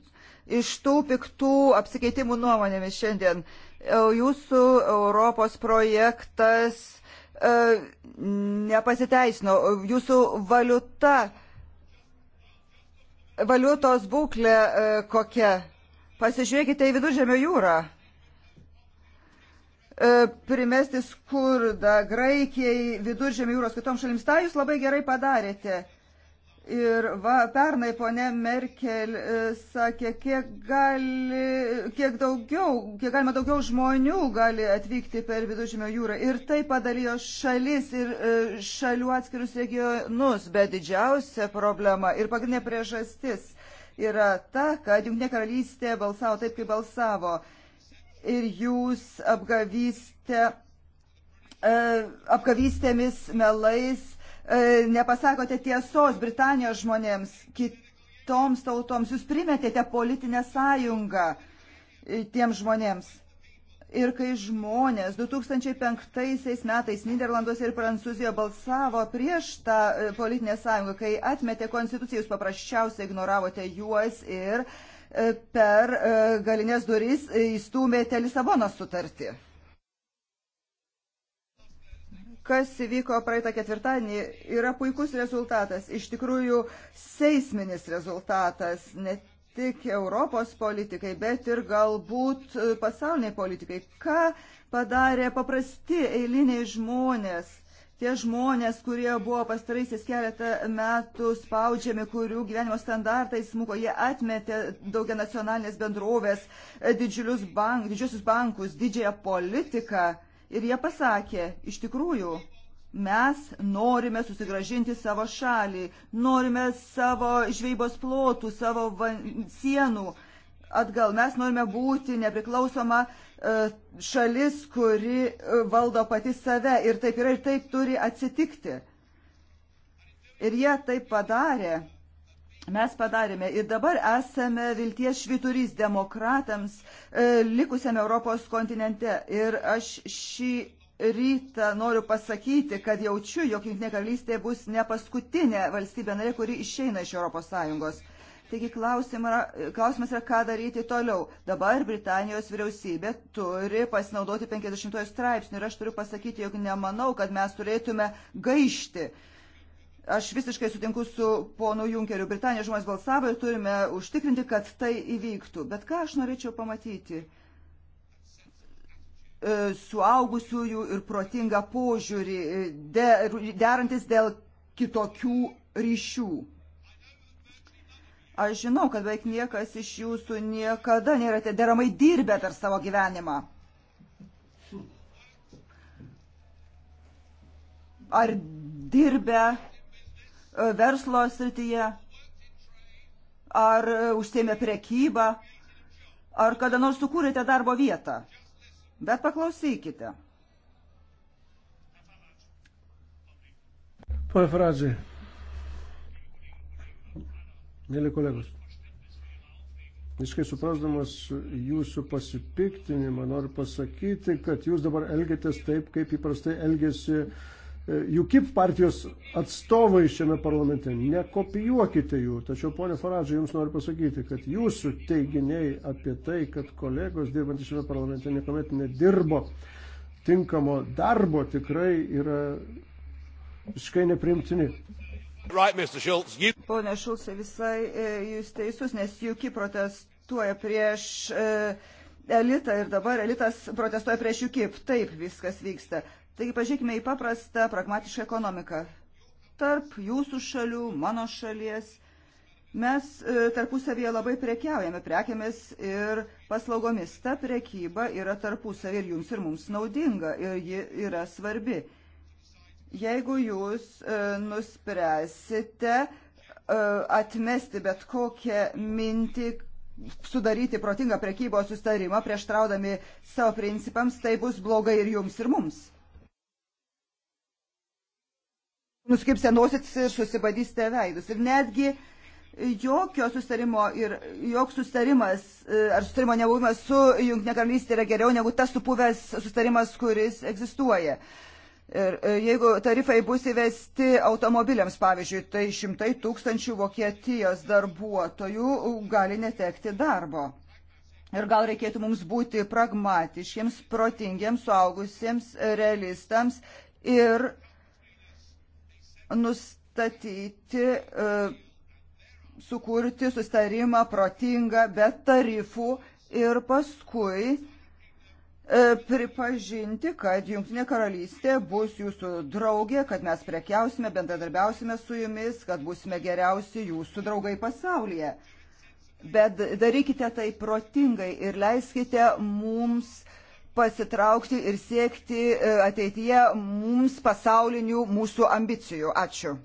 Iš tų piktų apsikeitimų nuomonėmis šiandien e, jūsų Europos projektas e, nepasiteisino, jūsų valiuta, valiutos būklė e, kokia. Pasižiūrėkite į viduržėmio jūrą e, primesti skurdą Graikijai, viduržėmio jūros kitoms šalims. Ta jūs labai gerai padarėte. Ir va, pernai ponė Merkel e, sakė, kiek, gali, kiek, daugiau, kiek galima daugiau žmonių gali atvykti per Vidužymio jūrą. Ir tai padalijo šalis ir e, šalių atskirius regionus. Bet didžiausia problema ir pagrindinė priežastis yra ta, kad Junktinė karalystė balsavo taip, kaip balsavo. Ir jūs apgavystė, e, apgavystėmis melais E, nepasakote tiesos Britanijos žmonėms, kitoms tautoms, jūs primetėte politinę sąjungą e, tiems žmonėms. Ir kai žmonės 2005 metais Niderlanduose ir Prancūzijoje balsavo prieš tą e, politinę sąjungą, kai atmetė konstituciją, jūs paprasčiausiai ignoravote juos ir per galinės duris įstumėte Lisabonos sutartį kas įvyko praeitą ketvirtadienį, yra puikus rezultatas, iš tikrųjų seisminis rezultatas, ne tik Europos politikai, bet ir galbūt pasauliniai politikai. Ką padarė paprasti eiliniai žmonės? Tie žmonės, kurie buvo pastaraisiais keletą metų spaudžiami, kurių gyvenimo standartai smuko, jie atmetė daugia nacionalinės bendrovės, didžiulius bank, didžiusius bankus, didžiąją politiką. Ir jie pasakė, iš tikrųjų, mes norime susigražinti savo šalį, norime savo žvejybos plotų, savo van, sienų atgal. Mes norime būti nepriklausoma e, šalis, kuri e, valdo pati save. Ir taip yra ir taip turi atsitikti. Ir jie taip padarė mes padarėme. Ir dabar esame vilties šviturys demokratams e, likusiame Europos kontinente. Ir aš šį rytą noriu pasakyti, kad jaučiu, jog Junktinė karalystė bus ne paskutinė valstybė narė, kuri išeina iš Europos Sąjungos. Taigi klausimas yra, ką daryti toliau. Dabar Britanijos vyriausybė turi pasinaudoti 50 straipsnių ir aš turiu pasakyti, jog nemanau, kad mes turėtume gaišti. Uh, Aš visiškai sutinku su ponu Junkeriu. Britanijos žmonės balsavo ir turime užtikrinti, kad tai įvyktų. Bet ką aš norėčiau pamatyti? E, suaugusiųjų ir protingą požiūrį, e, de, derantis dėl kitokių ryšių. Aš žinau, kad beveik niekas iš jūsų niekada nėrate deramai dirbę per savo gyvenimą. Ar dirbę verslo srityje, ar užsėmė prekybą, ar kada nors sukūrėte darbo vietą. Bet paklausykite.
Poje frazė. Mėly kolegos, visiškai suprasdamas jūsų pasipiktinimą, noriu pasakyti, kad jūs dabar elgiatės taip, kaip įprastai elgėsi uh, E, UKIP partijos atstovai šiame parlamente, nekopijuokite jų. Tačiau, ponė Faradžiai, jums noriu pasakyti, kad jūsų teiginiai apie tai, kad kolegos dirbantys šiame parlamente niekuomet nedirbo tinkamo darbo, tikrai yra visiškai neprimtini.
Pone Šulce, visai e, jūs teisus, nes UKIP protestuoja prieš e, elitą ir dabar elitas protestuoja prieš UKIP. Taip viskas vyksta. Taigi pažiūrėkime į paprastą pragmatišką ekonomiką. Tarp jūsų šalių, mano šalies, mes e, tarpusavėje labai prekiaujame prekiamis ir paslaugomis. Ta prekyba yra tarpusavė ir jums ir mums naudinga ir ji yra svarbi. Jeigu jūs e, nuspręsite e, atmesti bet kokią mintį, sudaryti protingą prekybos sustarimą prieštraudami savo principams, tai bus blogai ir jums, ir mums. nuskipsite nosis ir susibadysite veidus. Ir netgi jokio sustarimo ir joks sustarimas e, ar sustarimo nebuvimas su Junktinė karalystė yra geriau negu tas supuvęs sustarimas, kuris egzistuoja. Ir e, jeigu tarifai bus įvesti automobiliams, pavyzdžiui, tai šimtai tūkstančių Vokietijos darbuotojų gali netekti darbo. Ir gal reikėtų mums būti pragmatiškiams, protingiems, suaugusiems, realistams ir nustatyti, e, sukurti sustarimą protingą, be tarifų ir paskui e, pripažinti, kad Junktinė karalystė bus jūsų draugė, kad mes prekiausime, bendradarbiausime su jumis, kad būsime geriausi jūsų draugai pasaulyje. Bet darykite tai protingai ir leiskite mums uh, pasitraukti ir siekti e, ateityje mums pasaulinių mūsų ambicijų. Ačiū.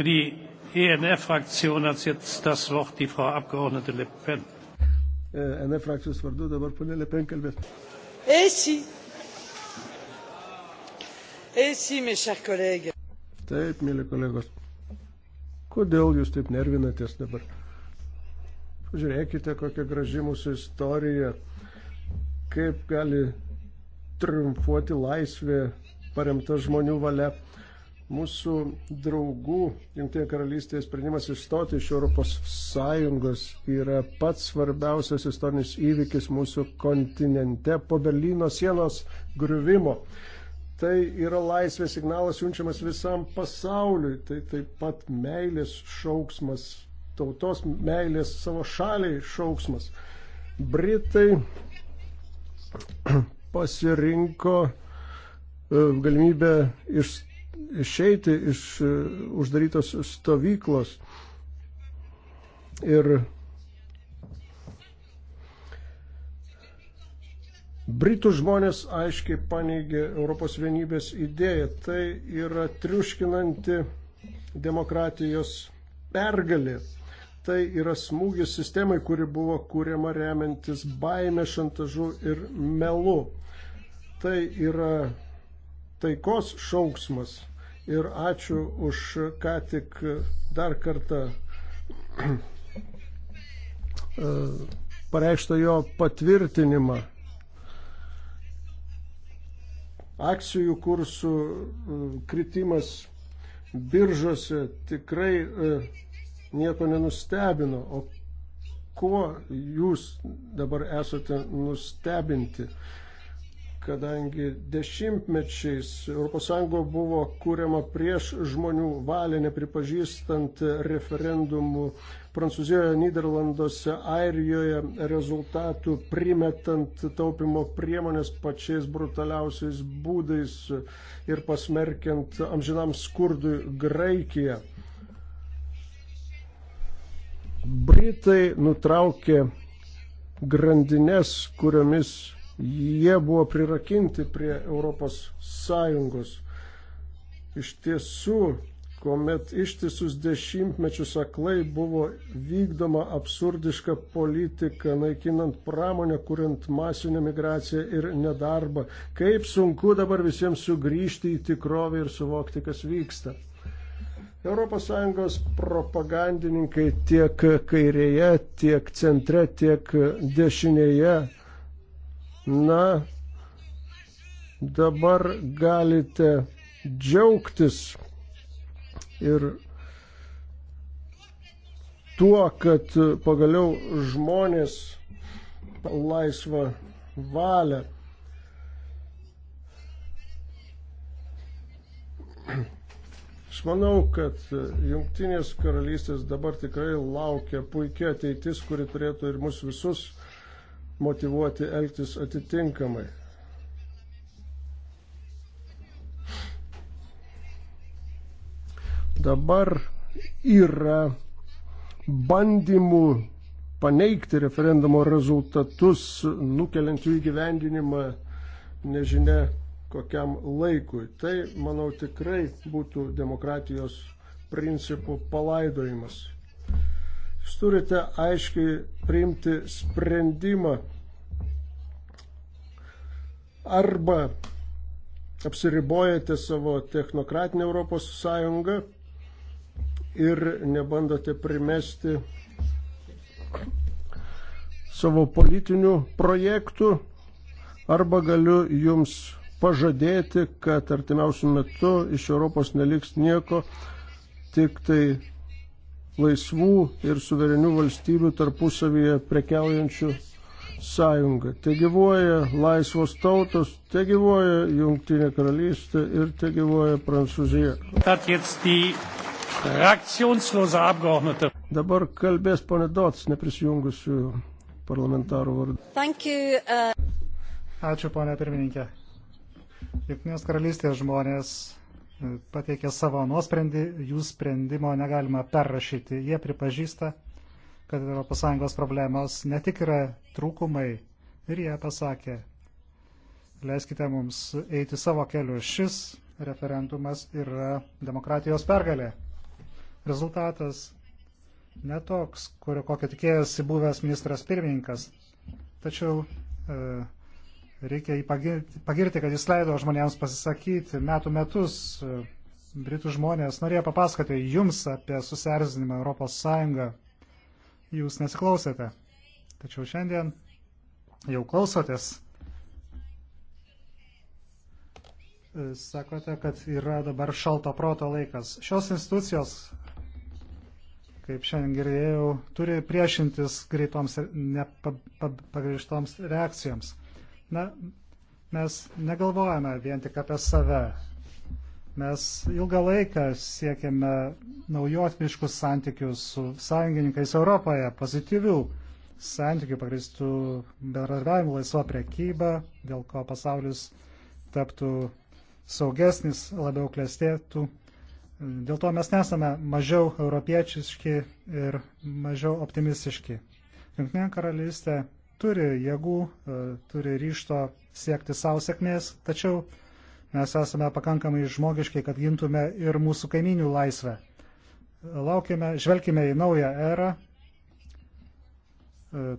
für die enf fraktion hat jetzt das wort die frau abgeordnete le pen.
E, NF frakcijos vardu dabar ponė Lepen kalbės. Esi.
Eh, Esi, eh, mes chers collègues.
Taip, mėly kolegos. Kodėl jūs taip nervinatės dabar? Pažiūrėkite, kokia graži mūsų istorija. Kaip gali triumfuoti laisvė paremta žmonių valia. Mūsų draugų Junktinė karalystė sprendimas išstoti iš Europos Sąjungos yra pats svarbiausias istorinis įvykis mūsų kontinente po Berlyno sienos griuvimo. Tai yra laisvės signalas siunčiamas visam pasauliui, tai taip pat meilės šauksmas, tautos meilės savo šaliai šauksmas. Britai (clears throat) pasirinko e, galimybę iš išeiti iš e, uždarytos stovyklos. Ir Britų žmonės aiškiai paneigė Europos vienybės idėją. Tai yra triuškinanti demokratijos pergalė. Tai yra smūgis sistemai, kuri buvo kūriama remiantis baime, šantažu ir melu. Tai yra taikos šauksmas. Ir ačiū už ką tik dar kartą (clears throat) e, pareikšto jo patvirtinimą. Akcijų kursų e, kritimas biržose tikrai e, nieko nenustebino, o kuo jūs dabar esate nustebinti? kadangi dešimtmečiais ES buvo kūriama prieš žmonių valią, nepripažįstant referendumų Prancūzijoje, Niderlanduose, Airijoje, rezultatų primetant taupimo priemonės pačiais brutaliausiais būdais ir pasmerkiant amžinam skurdui Graikiją. Britai nutraukė grandinės, kuriomis jie buvo prirakinti prie Europos Sąjungos. Iš tiesų, kuomet ištisus dešimtmečius aklai buvo vykdoma absurdiška politika, naikinant pramonę, kuriant masinę migraciją ir nedarbą. Kaip sunku dabar visiems sugrįžti į tikrovę ir suvokti, kas vyksta. ES propagandininkai tiek kairėje, tiek centre, tiek dešinėje Na, dabar galite džiaugtis ir tuo, kad pagaliau žmonės laisvą valią Aš manau, kad Junktinės karalystės dabar tikrai laukia puikia ateitis, kuri turėtų ir mus visus motivuoti elgtis atitinkamai. Dabar yra bandymų paneigti referendumo rezultatus, nukeliančių įgyvendinimą nežinia kokiam laikui. Tai, manau, tikrai būtų demokratijos principų palaidojimas. Jūs turite aiškiai priimti sprendimą arba apsiribojate savo technokratinę Europos Sąjungą ir nebandote primesti savo politinių projektų, arba galiu jums pažadėti, kad artimiausių metų iš Europos neliks nieko, tik tai laisvų ir suverenių valstybių tarpusavyje prekiaujančių sąjunga. Te gyvoja laisvos tautos, te gyvoja Jungtinė karalystė ir te gyvoja Prancūzija. Dabar kalbės ponė Dots, neprisijungusių parlamentarų vardu.
Thank you, uh...
Ačiū, ponė pirmininkė. Jungtinės karalystės žmonės
pateikė savo nuosprendį, jų sprendimo negalima perrašyti. Jie pripažįsta, kad ES problemos ne tik yra trūkumai ir jie pasakė, leiskite mums eiti savo keliu. Šis referendumas yra demokratijos pergalė. Rezultatas netoks, kokio tikėjosi buvęs ministras pirmininkas. Tačiau e, Reikia jį pagirti, kad jis leido žmonėms pasisakyti. Metų metus Britų žmonės norėjo papasakoti jums apie susierzinimą Europos Sąjungą. Jūs nesiklausėte. Tačiau šiandien jau klausotės. Sakote, kad yra dabar šalto proto laikas. Šios institucijos, kaip šiandien girdėjau, turi priešintis greitoms nepagrįžtoms reakcijoms. Na, mes negalvojame vien tik apie save. Mes ilgą laiką siekiame naujotviškus santykius su sąjungininkais Europoje, pozityvių santykių pagristų bendradarbiavimu, laisva priekyba, dėl ko pasaulis taptų saugesnis, labiau klestėtų. Dėl to mes nesame mažiau europiečiški ir mažiau optimistiški. Junktinė karalystė turi jėgų, e, turi ryšto siekti savo sėkmės, tačiau mes esame pakankamai žmogiški, kad gintume ir mūsų kaiminių laisvę. Laukime, žvelgime į naują erą, e,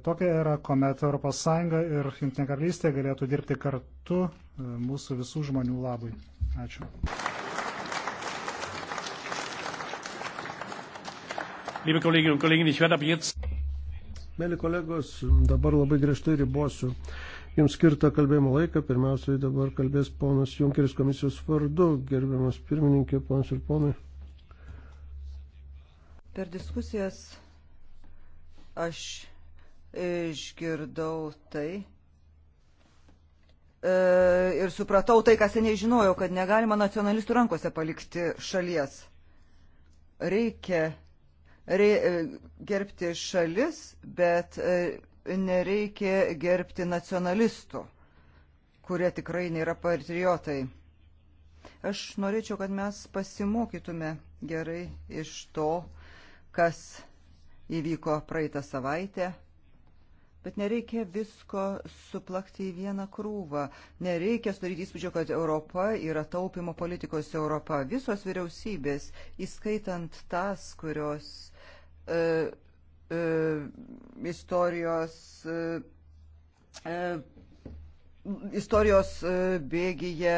tokią erą, kuomet ES ir Junktinė karalystė galėtų dirbti kartu e, mūsų visų žmonių labui. Ačiū.
Liebe Kolleginnen und Kollegen, ich werde ab jetzt
Mėly kolegos, dabar labai griežtai ribosiu jums skirtą kalbėjimo laiką. Pirmiausiai dabar kalbės ponas Junkeris komisijos vardu, gerbiamas pirmininkė, ponas ir ponai.
Per diskusijas aš išgirdau tai e, ir supratau tai, ką seniai žinojau, kad negalima nacionalistų rankose palikti šalies. Reikia E, gerbti šalis, bet e, nereikia gerbti nacionalistų, kurie tikrai nėra patriotai. Aš norėčiau, kad mes pasimokytume gerai iš to, kas įvyko praeitą savaitę. Bet nereikia visko suplakti į vieną krūvą. Nereikia sudaryti įspūdžio, kad Europa yra taupimo politikos Europa. Visos vyriausybės, įskaitant tas, kurios E, e, istorijos, e, istorijos bėgyje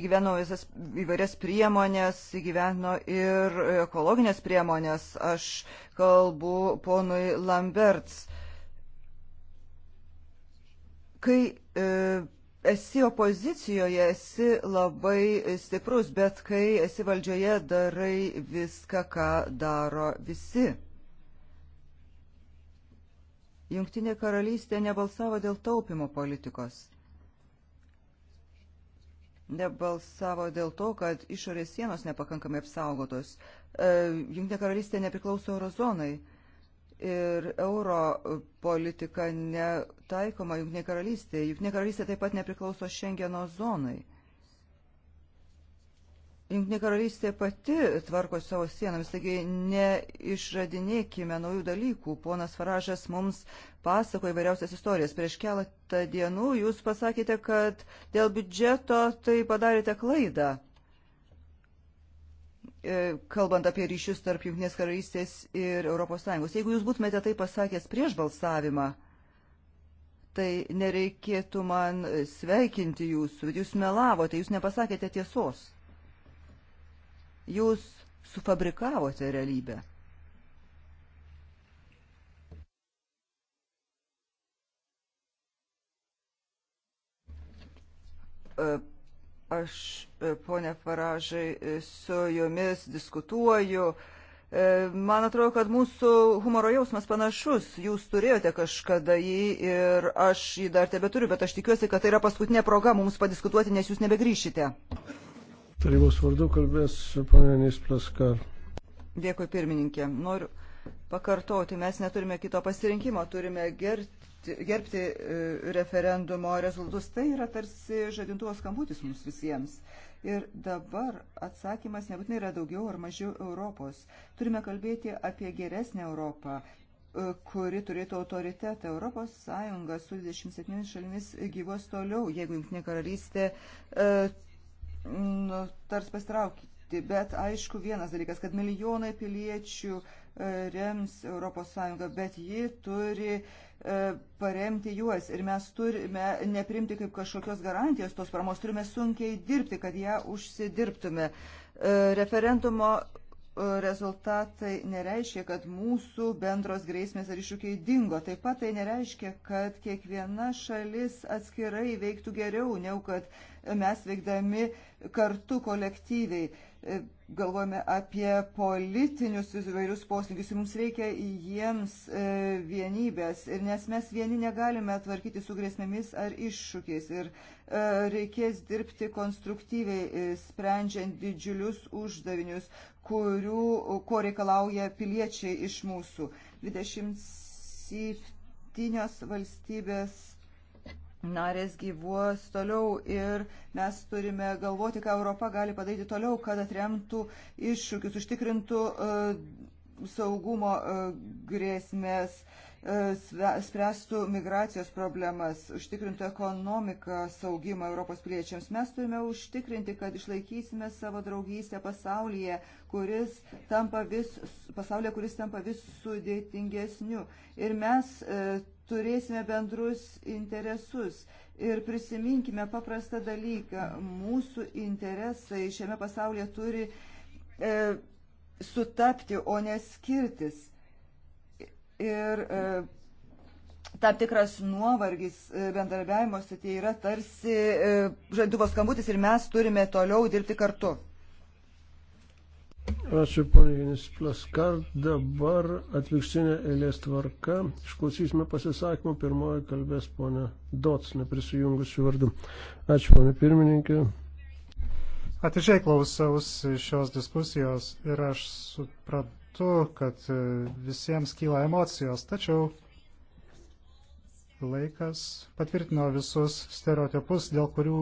įgyveno visas įvairias priemonės, įgyveno ir ekologinės priemonės. Aš kalbu ponui Lamberts. Kai esi opozicijoje, esi labai stiprus, bet kai esi valdžioje, darai viską, ką daro visi. Jungtinė karalystė nebalsavo dėl taupimo politikos. Nebalsavo dėl to, kad išorės sienos nepakankamai apsaugotos. E, Jungtinė karalystė nepriklauso eurozonai ir euro politika netaikoma Jungtinė karalystė. Jungtinė karalystė taip pat nepriklauso Šengeno zonai. Junktinė karalystė pati tvarko savo sienomis, taigi neišradinėkime naujų dalykų. Ponas Faražas mums pasako įvairiausias istorijas. Prieš keletą dienų jūs pasakėte, kad dėl biudžeto tai padarėte klaidą. E, kalbant apie ryšius tarp Junktinės karalystės ir ES. Jeigu jūs būtumėte tai pasakęs prieš balsavimą, tai nereikėtų man sveikinti jūsų, bet jūs melavote, jūs nepasakėte tiesos. Jūs sufabrikavote realybę. E, aš, e, ponia Faražai, e, su jumis diskutuoju. Man atrodo, kad mūsų humoro jausmas panašus. Jūs turėjote kažkada jį ir aš jį dar tebeturiu, bet aš tikiuosi, kad tai yra paskutinė proga mums padiskutuoti, nes jūs nebegrįšite.
Tarybos vardu kalbės ponė Nisplaskar.
Dėkui pirmininkė. Noriu pakartoti, mes neturime kito pasirinkimo, turime gerbti, gerbti e, referendumo rezultatus. Tai yra tarsi žadintuvos skambutis mums visiems. Ir dabar atsakymas nebūtinai yra daugiau ar mažiau Europos. Turime kalbėti apie geresnę Europą, e, kuri turėtų autoritetą. Europos Sąjunga su 27 šalimis gyvos toliau, jeigu Junktinė karalystė e, nutars pasitraukti. Bet aišku, vienas dalykas, kad milijonai piliečių e, rems ES, bet ji turi e, paremti juos. Ir mes turime neprimti kaip kažkokios garantijos tos paramos, turime sunkiai dirbti, kad ją užsidirbtume. E, referendumo rezultatai nereiškia, kad mūsų bendros grėsmės ar iššūkiai dingo. Taip pat tai nereiškia, kad kiekviena šalis atskirai veiktų geriau, negu kad mes veikdami kartu kolektyviai. E, galvojame apie politinius įvairius poslinkius ir mums reikia jiems e, vienybės, ir nes mes vieni negalime tvarkyti su grėsmėmis ar iššūkiais ir e, reikės dirbti konstruktyviai, sprendžiant didžiulius uždavinius, kurių, ko reikalauja piliečiai iš mūsų. 27 valstybės narės gyvuos toliau ir mes turime galvoti, ką Europa gali padaryti toliau, kad atremtų iššūkius, užtikrintų e, saugumo e, grėsmės, e, spręstų migracijos problemas, užtikrintų ekonomiką saugimą Europos piliečiams. Mes turime užtikrinti, kad išlaikysime savo draugystę pasaulyje, kuris tampa vis, pasaulyje, kuris tampa vis sudėtingesniu. Ir mes turėsime bendrus interesus. Ir prisiminkime paprastą dalyką. Mūsų interesai šiame pasaulyje turi e, sutapti, o neskirtis. Ir e, tam tikras nuovargis e, bendarbiavimo srityje yra tarsi e, žaidimo skambutis ir mes turime toliau dirbti kartu.
Ačiū, ponė Vienis Plaskart. Dabar atvirkštinė eilės tvarka. Išklausysime pasisakymą. Pirmoji kalbės ponė Dots, neprisijungusiu vardu. Ačiū, ponė pirmininkė. Atidžiai
klausiausi šios diskusijos ir aš supratau, kad visiems kyla emocijos, tačiau laikas patvirtino visus stereotipus, dėl kurių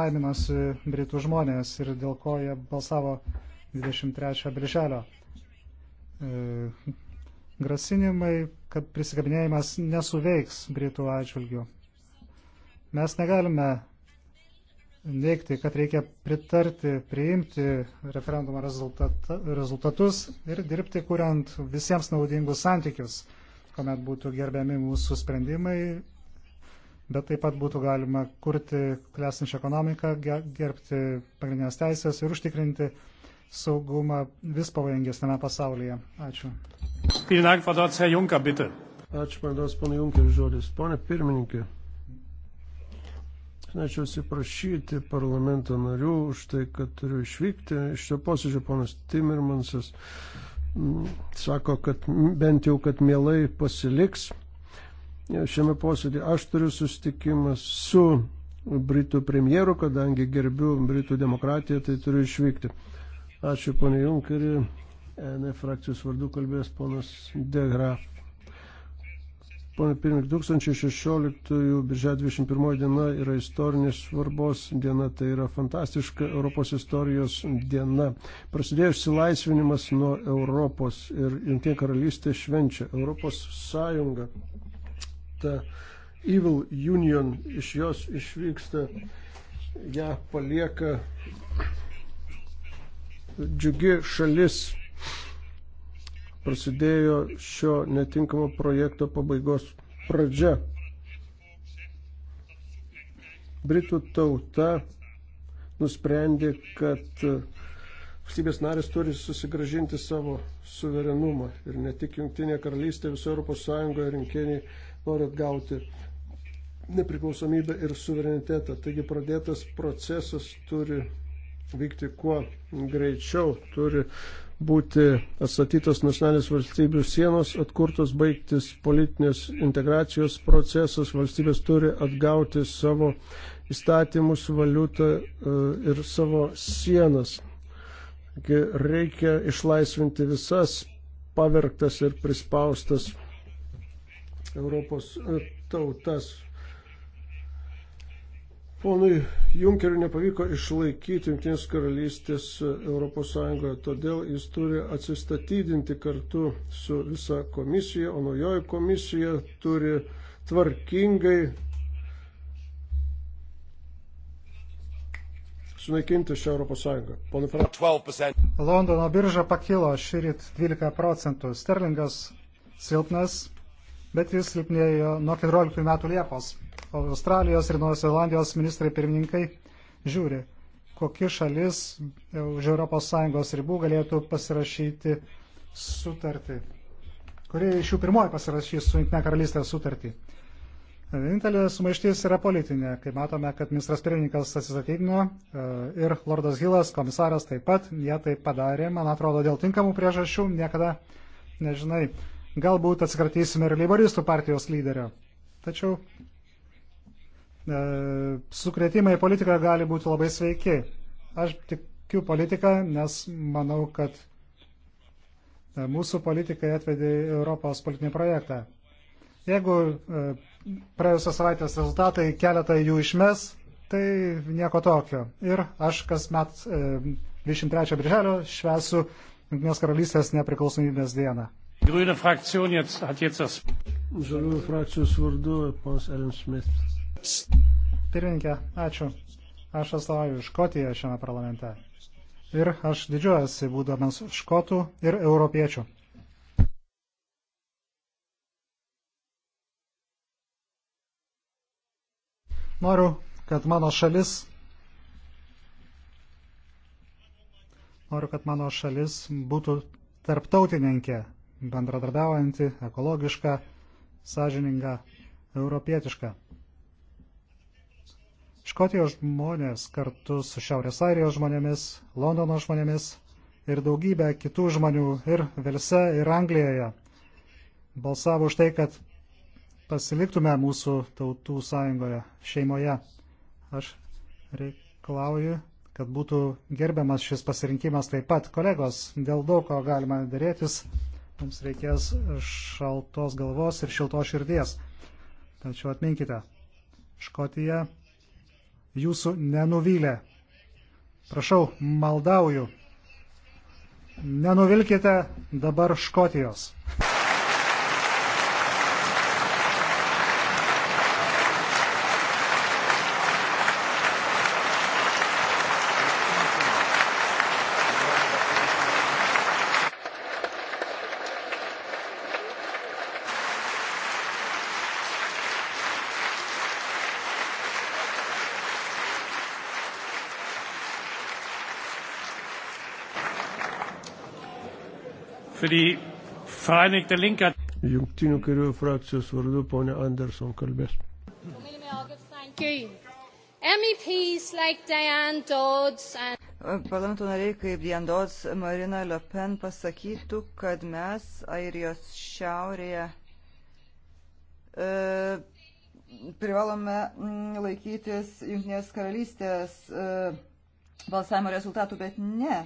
baiminosi britų žmonės ir dėl ko jie balsavo 23 birželio. E, grasinimai, kad prisikabinėjimas nesuveiks Britų atžvilgių. Mes negalime neikti, kad reikia pritarti, priimti referendumo rezultat, rezultatus ir dirbti, kuriant visiems naudingus santykius, kuomet būtų gerbiami mūsų sprendimai, bet taip pat būtų galima kurti klesinčią ekonomiką, gerbti pagrindinės teisės ir užtikrinti saugumą vis pavojingesnėme pasaulyje. Ačiū.
Ačiū, pandos pana Junkeris žodis. Pone pirmininkė, norėčiau atsiprašyti parlamento narių už tai, kad turiu išvykti. Iš šio posėdžio ponas Timirmansas mm, sako, kad bent jau, kad mielai pasiliks šiame posėdėje. Aš turiu susitikimą su Britų premjeru, kadangi gerbiu Britų demokratiją, tai turiu išvykti. Ačiū, ponė Junkeri. ENF frakcijos vardu kalbės ponas Degraf. Pone pirmik, 2016 birželio 21 diena yra istorinės svarbos diena, tai yra fantastiška Europos istorijos diena. Prasidėjo išsilaisvinimas nuo Europos ir Junktinė karalystė švenčia Europos sąjungą. Ta Evil Union iš jos išvyksta, ją ja, palieka džiugi šalis prasidėjo šio netinkamo projekto pabaigos pradžia. Britų tauta nusprendė, kad e, valstybės narės turi susigražinti savo suverenumą ir ne tik Junktinė karalystė, viso Europos Sąjungoje rinkėjai nori atgauti nepriklausomybę ir suverenitetą. Taigi pradėtas procesas turi vykti kuo greičiau, turi būti atstatytos nacionalinės valstybių sienos, atkurtos baigtis politinės integracijos procesas, valstybės turi atgauti savo įstatymus, valiutą e, ir savo sienas. Reikia išlaisvinti visas pavergtas ir prispaustas Europos tautas. Ponui Junkeriu nepavyko išlaikyti Junktinės karalystės ES, todėl jis turi atsistatydinti kartu su visa komisija, o naujoji komisija turi tvarkingai sunaikinti šią ES.
Londono birža pakilo šįryt 12 procentų, sterlingas silpnas, bet jis silpnėjo nuo 14 metų Liepos. Australijos ir Naujos Zelandijos ministrai pirmininkai žiūri, kokie šalis už ES ribų galėtų pasirašyti sutartį. Kurie iš jų pirmoji pasirašys su Junktinė karalystė sutartį. Vienintelė sumaištis yra politinė, kai matome, kad ministras pirmininkas atsistatydino e, ir Lordas Hilas, komisaras taip pat, jie tai padarė, man atrodo, dėl tinkamų priežasčių, niekada nežinai. Galbūt atsikratysime ir leiboristų partijos lyderio. Tačiau E, sukretimai į politiką gali būti labai sveiki. Aš tikiu politiką, nes manau, kad e, mūsų politikai atvedė Europos politinį projektą. Jeigu e, praėjusios savaitės rezultatai keletą jų išmes, tai nieko tokio. Ir aš kasmet 23 birželio švesiu Junktinės karalystės nepriklausomybės dieną.
Grüne frakcijos, jetzt, hat jetzt das. Žaliųjų
frakcijos vardu, pons Elin Smith. Pirmininkė, ačiū. Aš atstovauju Škotiją šiame parlamente. Ir aš didžiuojasi būdamas škotų ir europiečių. Noriu, kad mano šalis Noriu, kad mano šalis būtų tarptautininkė, bendradarbiaujanti, ekologiška, sąžininga, europietiška. Škotijos žmonės kartu su Šiaurės Airijos žmonėmis, Londono žmonėmis ir daugybė kitų žmonių ir Velse, ir Anglijoje balsavo už tai, kad pasiliktume mūsų tautų sąjungoje, šeimoje. Aš reikalauju, kad būtų gerbiamas šis pasirinkimas taip pat. Kolegos, dėl daug ko galima dėrėtis, mums reikės šaltos galvos ir šiltos širdies. Tačiau atminkite, Škotija jūsų nenuvylė. Prašau, maldauju, nenuvilkite dabar Škotijos.
Vereinigte Linke. Jungtinių kairių frakcijos vardu ponė Anderson kalbės.
E Parlamento nariai kaip Diane Dodds, Marina Le Pen pasakytų, kad mes Airijos šiaurėje e, privalome mm, laikytis Junktinės karalystės e, balsavimo rezultatų, bet ne. E,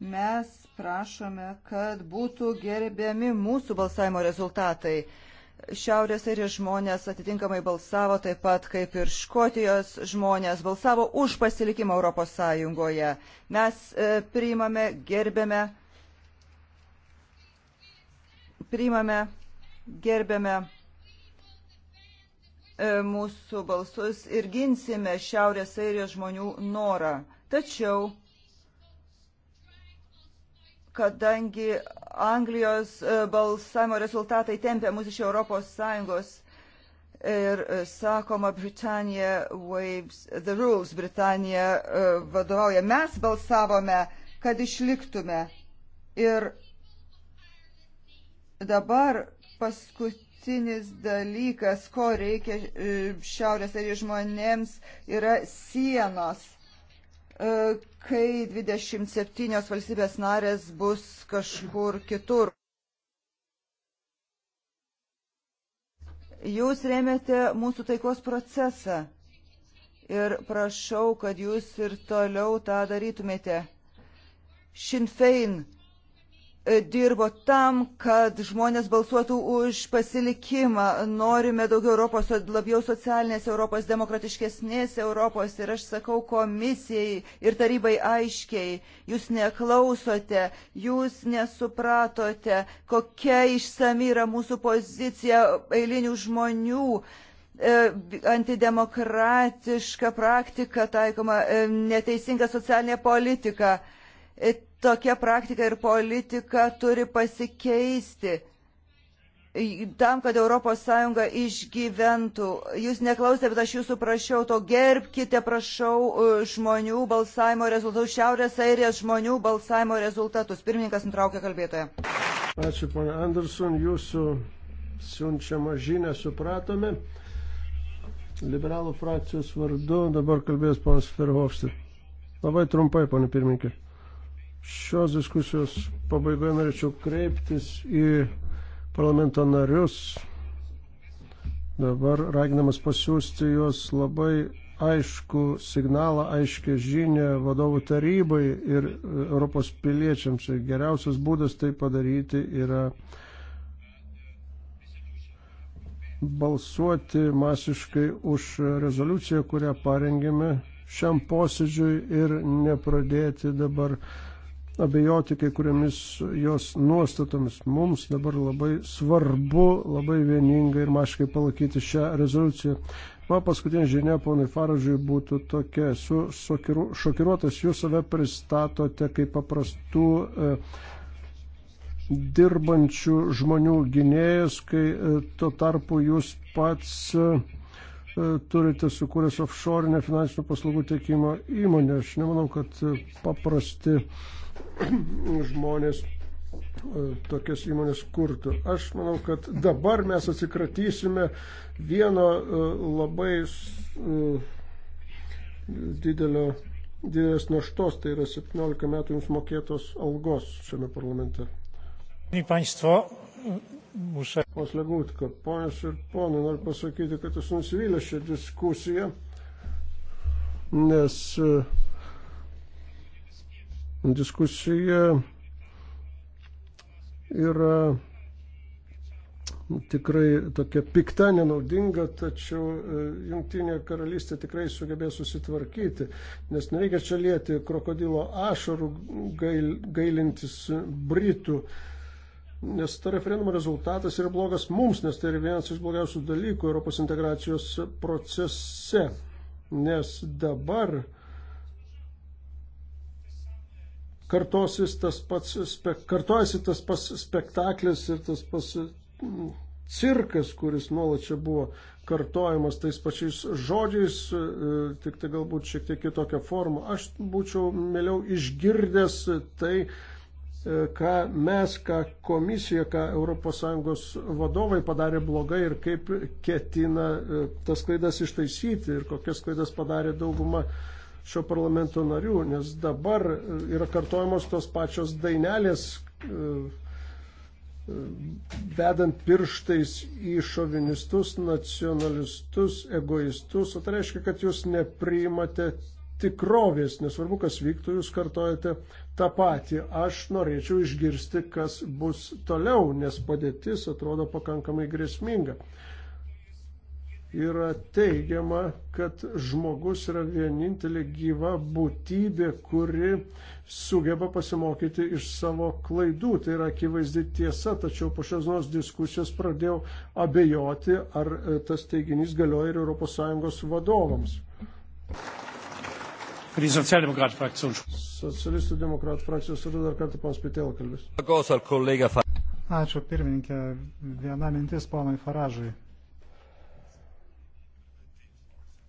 mes prašome, kad būtų gerbiami mūsų balsavimo rezultatai. Šiaurės ir žmonės atitinkamai balsavo, taip pat kaip ir Škotijos žmonės balsavo už pasilikimą Europos Sąjungoje. Mes e, priimame, gerbėme, priimame, gerbėme e, mūsų balsus ir ginsime Šiaurės airijos žmonių norą. Tačiau kadangi Anglijos e, balsavimo rezultatai tempia mus iš Europos Sąjungos ir e, sakoma, Britanija waves the rules, Britanija e, vadovauja. Mes balsavome, kad išliktume. Ir dabar paskutinis dalykas, ko reikia Šiaurės airijos žmonėms, yra sienos E, kai 27 valstybės narės bus kažkur kitur. Jūs remiate mūsų taikos procesą ir prašau, kad jūs ir toliau tą darytumėte. Šinfein E, dirbo tam, kad žmonės balsuotų už pasilikimą. Norime daugiau Europos, labiau socialinės Europos, demokratiškesnės Europos. Ir aš sakau komisijai ir tarybai aiškiai, jūs neklausote, jūs nesupratote, kokia išsami yra mūsų pozicija eilinių žmonių e, antidemokratiška praktika taikoma, e, neteisinga socialinė politika tokia praktika ir politika turi pasikeisti tam, kad ES išgyventų. Jūs neklausėte, bet aš jūsų prašiau to gerbkite, prašau, e, žmonių balsavimo rezultatus, Šiaurės Airijos žmonių balsavimo rezultatus. Pirmininkas nutraukė kalbėtoją.
Ačiū, pane Anderson, jūsų siunčiamą žinę supratome. Liberalų frakcijos vardu dabar kalbės ponas Ferhofstas. Labai trumpai, pane pirmininkė. Šios diskusijos pabaigoje norėčiau kreiptis į parlamento narius. Dabar raginamas pasiūsti juos labai aišku signalą, aiškę žinę vadovų tarybai ir Europos piliečiams. Geriausias būdas tai padaryti yra balsuoti masiškai už rezoliuciją, kurią parengėme šiam posėdžiui ir nepradėti dabar uh, abejoti kai kuriamis jos nuostatomis. Mums dabar labai svarbu, labai vieningai ir maškai palakyti šią rezoliuciją. Man paskutinė žinia, ponai Faražui, būtų tokia. Su šokiru, šokiruotas jūs save pristatote kaip paprastų e, dirbančių žmonių gynėjas, kai e, tuo tarpu jūs pats. E, e turite sukūręs offshore finansinio paslaugų tiekimo įmonę. Aš nemanau, kad e, paprasti žmonės e, tokias įmonės kurtų. Aš manau, kad dabar mes atsikratysime vieno e, labai e, didelio, didelės naštos, tai yra 17 metų jums mokėtos algos šiame parlamente. Poslegutko, ponios ir ponai, noriu pasakyti, kad esu nusivylęs šią diskusiją, nes uh, Diskusija yra tikrai tokia pikta, nenaudinga, tačiau e, jungtinė karalystė tikrai sugebės susitvarkyti, nes nereikia čia lėti krokodilo ašarų gail, gailintis Britų, nes ta referendumo rezultatas yra blogas mums, nes tai yra vienas iš blogiausių dalykų Europos integracijos procese, nes dabar kartosis tas pats, spek, kartojasi tas pats spektaklis ir tas pats mm, cirkas, kuris nuolat čia buvo kartojamas tais pačiais žodžiais, e, tik tai galbūt šiek tiek kitokią formą. Aš būčiau mieliau išgirdęs tai, e, ką mes, ką komisija, ką ES vadovai padarė blogai ir kaip ketina e, tas klaidas ištaisyti ir kokias klaidas padarė dauguma šio parlamento narių, nes dabar e, yra kartojamos tos pačios dainelės, e, e, vedant pirštais į šovinistus, nacionalistus, egoistus, o tai reiškia, kad jūs nepriimate tikrovės, nesvarbu, kas vyktų, jūs kartojate tą patį. Aš norėčiau išgirsti, kas bus toliau, nes padėtis atrodo pakankamai grėsminga yra teigiama, kad žmogus yra vienintelė gyva būtybė, kuri sugeba pasimokyti iš savo klaidų. Tai yra akivaizdi tiesa, tačiau po šios dienos diskusijos pradėjau abejoti, ar e, tas teiginys galioja ir ES vadovams. Socialistų demokratų frakcijos ir dar kartą pans Pitėl kalbės. Ačiū pirmininkė. Viena
mintis ponui Faražui.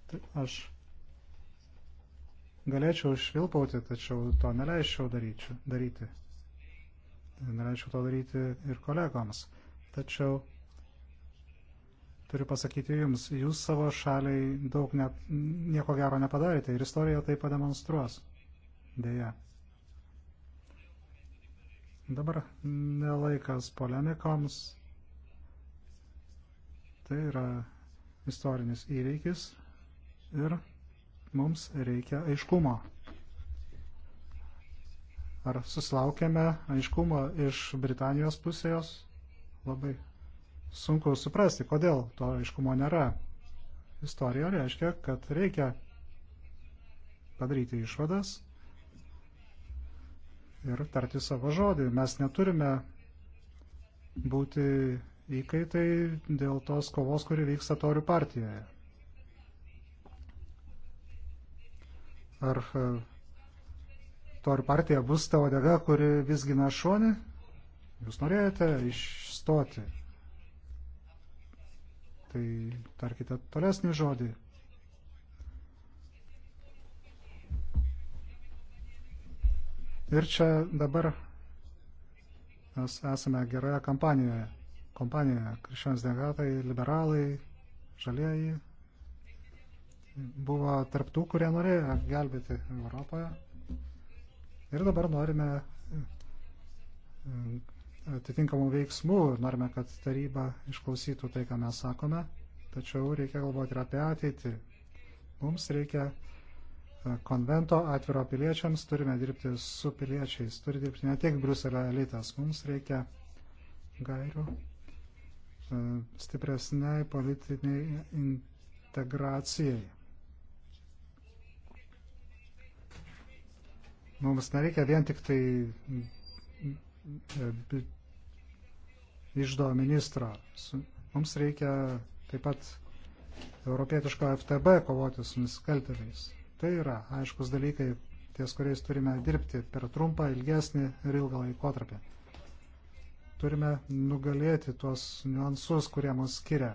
Tai aš galėčiau švilpauti, tačiau to neleisčiau daryti. Neleisčiau to daryti ir kolegoms. Tačiau turiu pasakyti jums, jūs savo šaliai daug net, nieko gero nepadarėte ir istorija tai pademonstruos. Deja. Dabar nelaikas polemikoms. Tai yra istorinis įveikis, ir mums reikia aiškumo. Ar susilaukėme aiškumo iš Britanijos pusės? Labai sunku suprasti, kodėl to aiškumo nėra. Istorija reiškia, kad reikia padaryti išvadas ir tarti savo žodį. Mes neturime būti įkaitai dėl tos kovos, kuri vyksta torių partijoje. Ar e, to ar partija bus ta odega, kuri visgina šonį? Jūs norėjote išstoti. Tai tarkite tolesnį žodį. Ir čia dabar mes esame geroje kampanijoje. Kompanijoje krikščionis degatai, liberalai, žalieji, buvo tarptų, kurie norėjo gelbėti Europoje. Ir dabar norime mm, atitinkamų veiksmų, norime, kad taryba išklausytų tai, ką mes sakome, tačiau reikia galvoti ir apie ateitį. Mums reikia e, konvento atviro piliečiams, turime dirbti su piliečiais, turi dirbti ne tik Bruselio elitas, mums reikia gairių e, stipresniai politiniai integracijai. Mums nereikia vien tik tai e, išdo ministro. Mums reikia taip pat europietiško FTB kovoti su nusikaltėliais. Tai yra aiškus dalykai, ties kuriais turime dirbti per trumpą, ilgesnį ir ilgą laikotarpį. Turime nugalėti tuos niuansus, kurie mus skiria.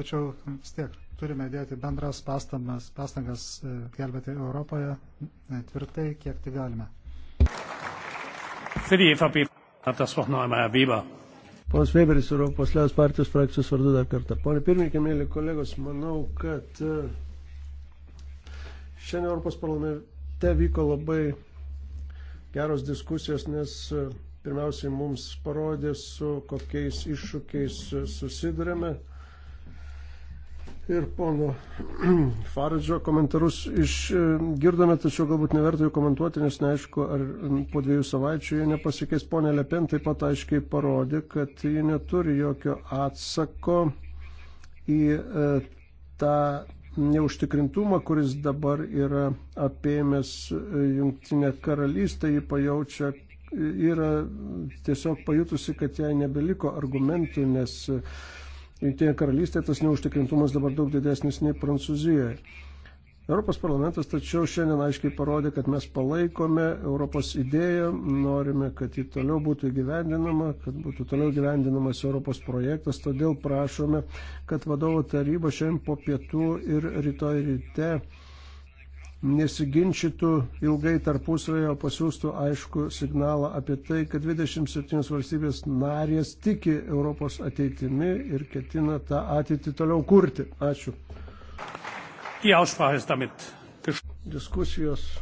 Tačiau vis tiek turime dėti bendras pastangas, pastangas e, gelbėti Europoje e, tvirtai, kiek tai galime.
Ponas Weberis, Europos Liaus partijos frakcijos vardu dar kartą. Pone pirmininkė, mėly kolegos, manau, kad e, šiandien Europos parlamente vyko labai geros diskusijos, nes pirmiausiai mums parodė, su kokiais iššūkiais susidurėme ir pono (clears throat) Faradžio komentarus išgirdome, e, tačiau galbūt neverta jų komentuoti, nes neaišku, ar po dviejų savaičių jie nepasikeis. Pone Lepen taip pat aiškiai parodė, kad ji neturi jokio atsako į e, tą neužtikrintumą, kuris dabar yra apėmęs e, jungtinę karalystę, ji pajaučia, yra tiesiog pajutusi, kad jai nebeliko argumentų, nes uh, Jungtinėje karalystėje tas neužtikrintumas dabar daug didesnis nei Prancūzijoje. Europos parlamentas tačiau šiandien aiškiai parodė, kad mes palaikome Europos idėją, norime, kad ji toliau būtų gyvendinama, kad būtų toliau gyvendinamas Europos projektas, todėl prašome, kad vadovo taryba šiandien po pietų ir rytoj ryte nesiginčytų ilgai tarpusavėje, pasiūstų aišku signalą apie tai, kad 27 valstybės narės tiki Europos ateitimi ir ketina tą ateitį toliau kurti. Ačiū. Diskusijos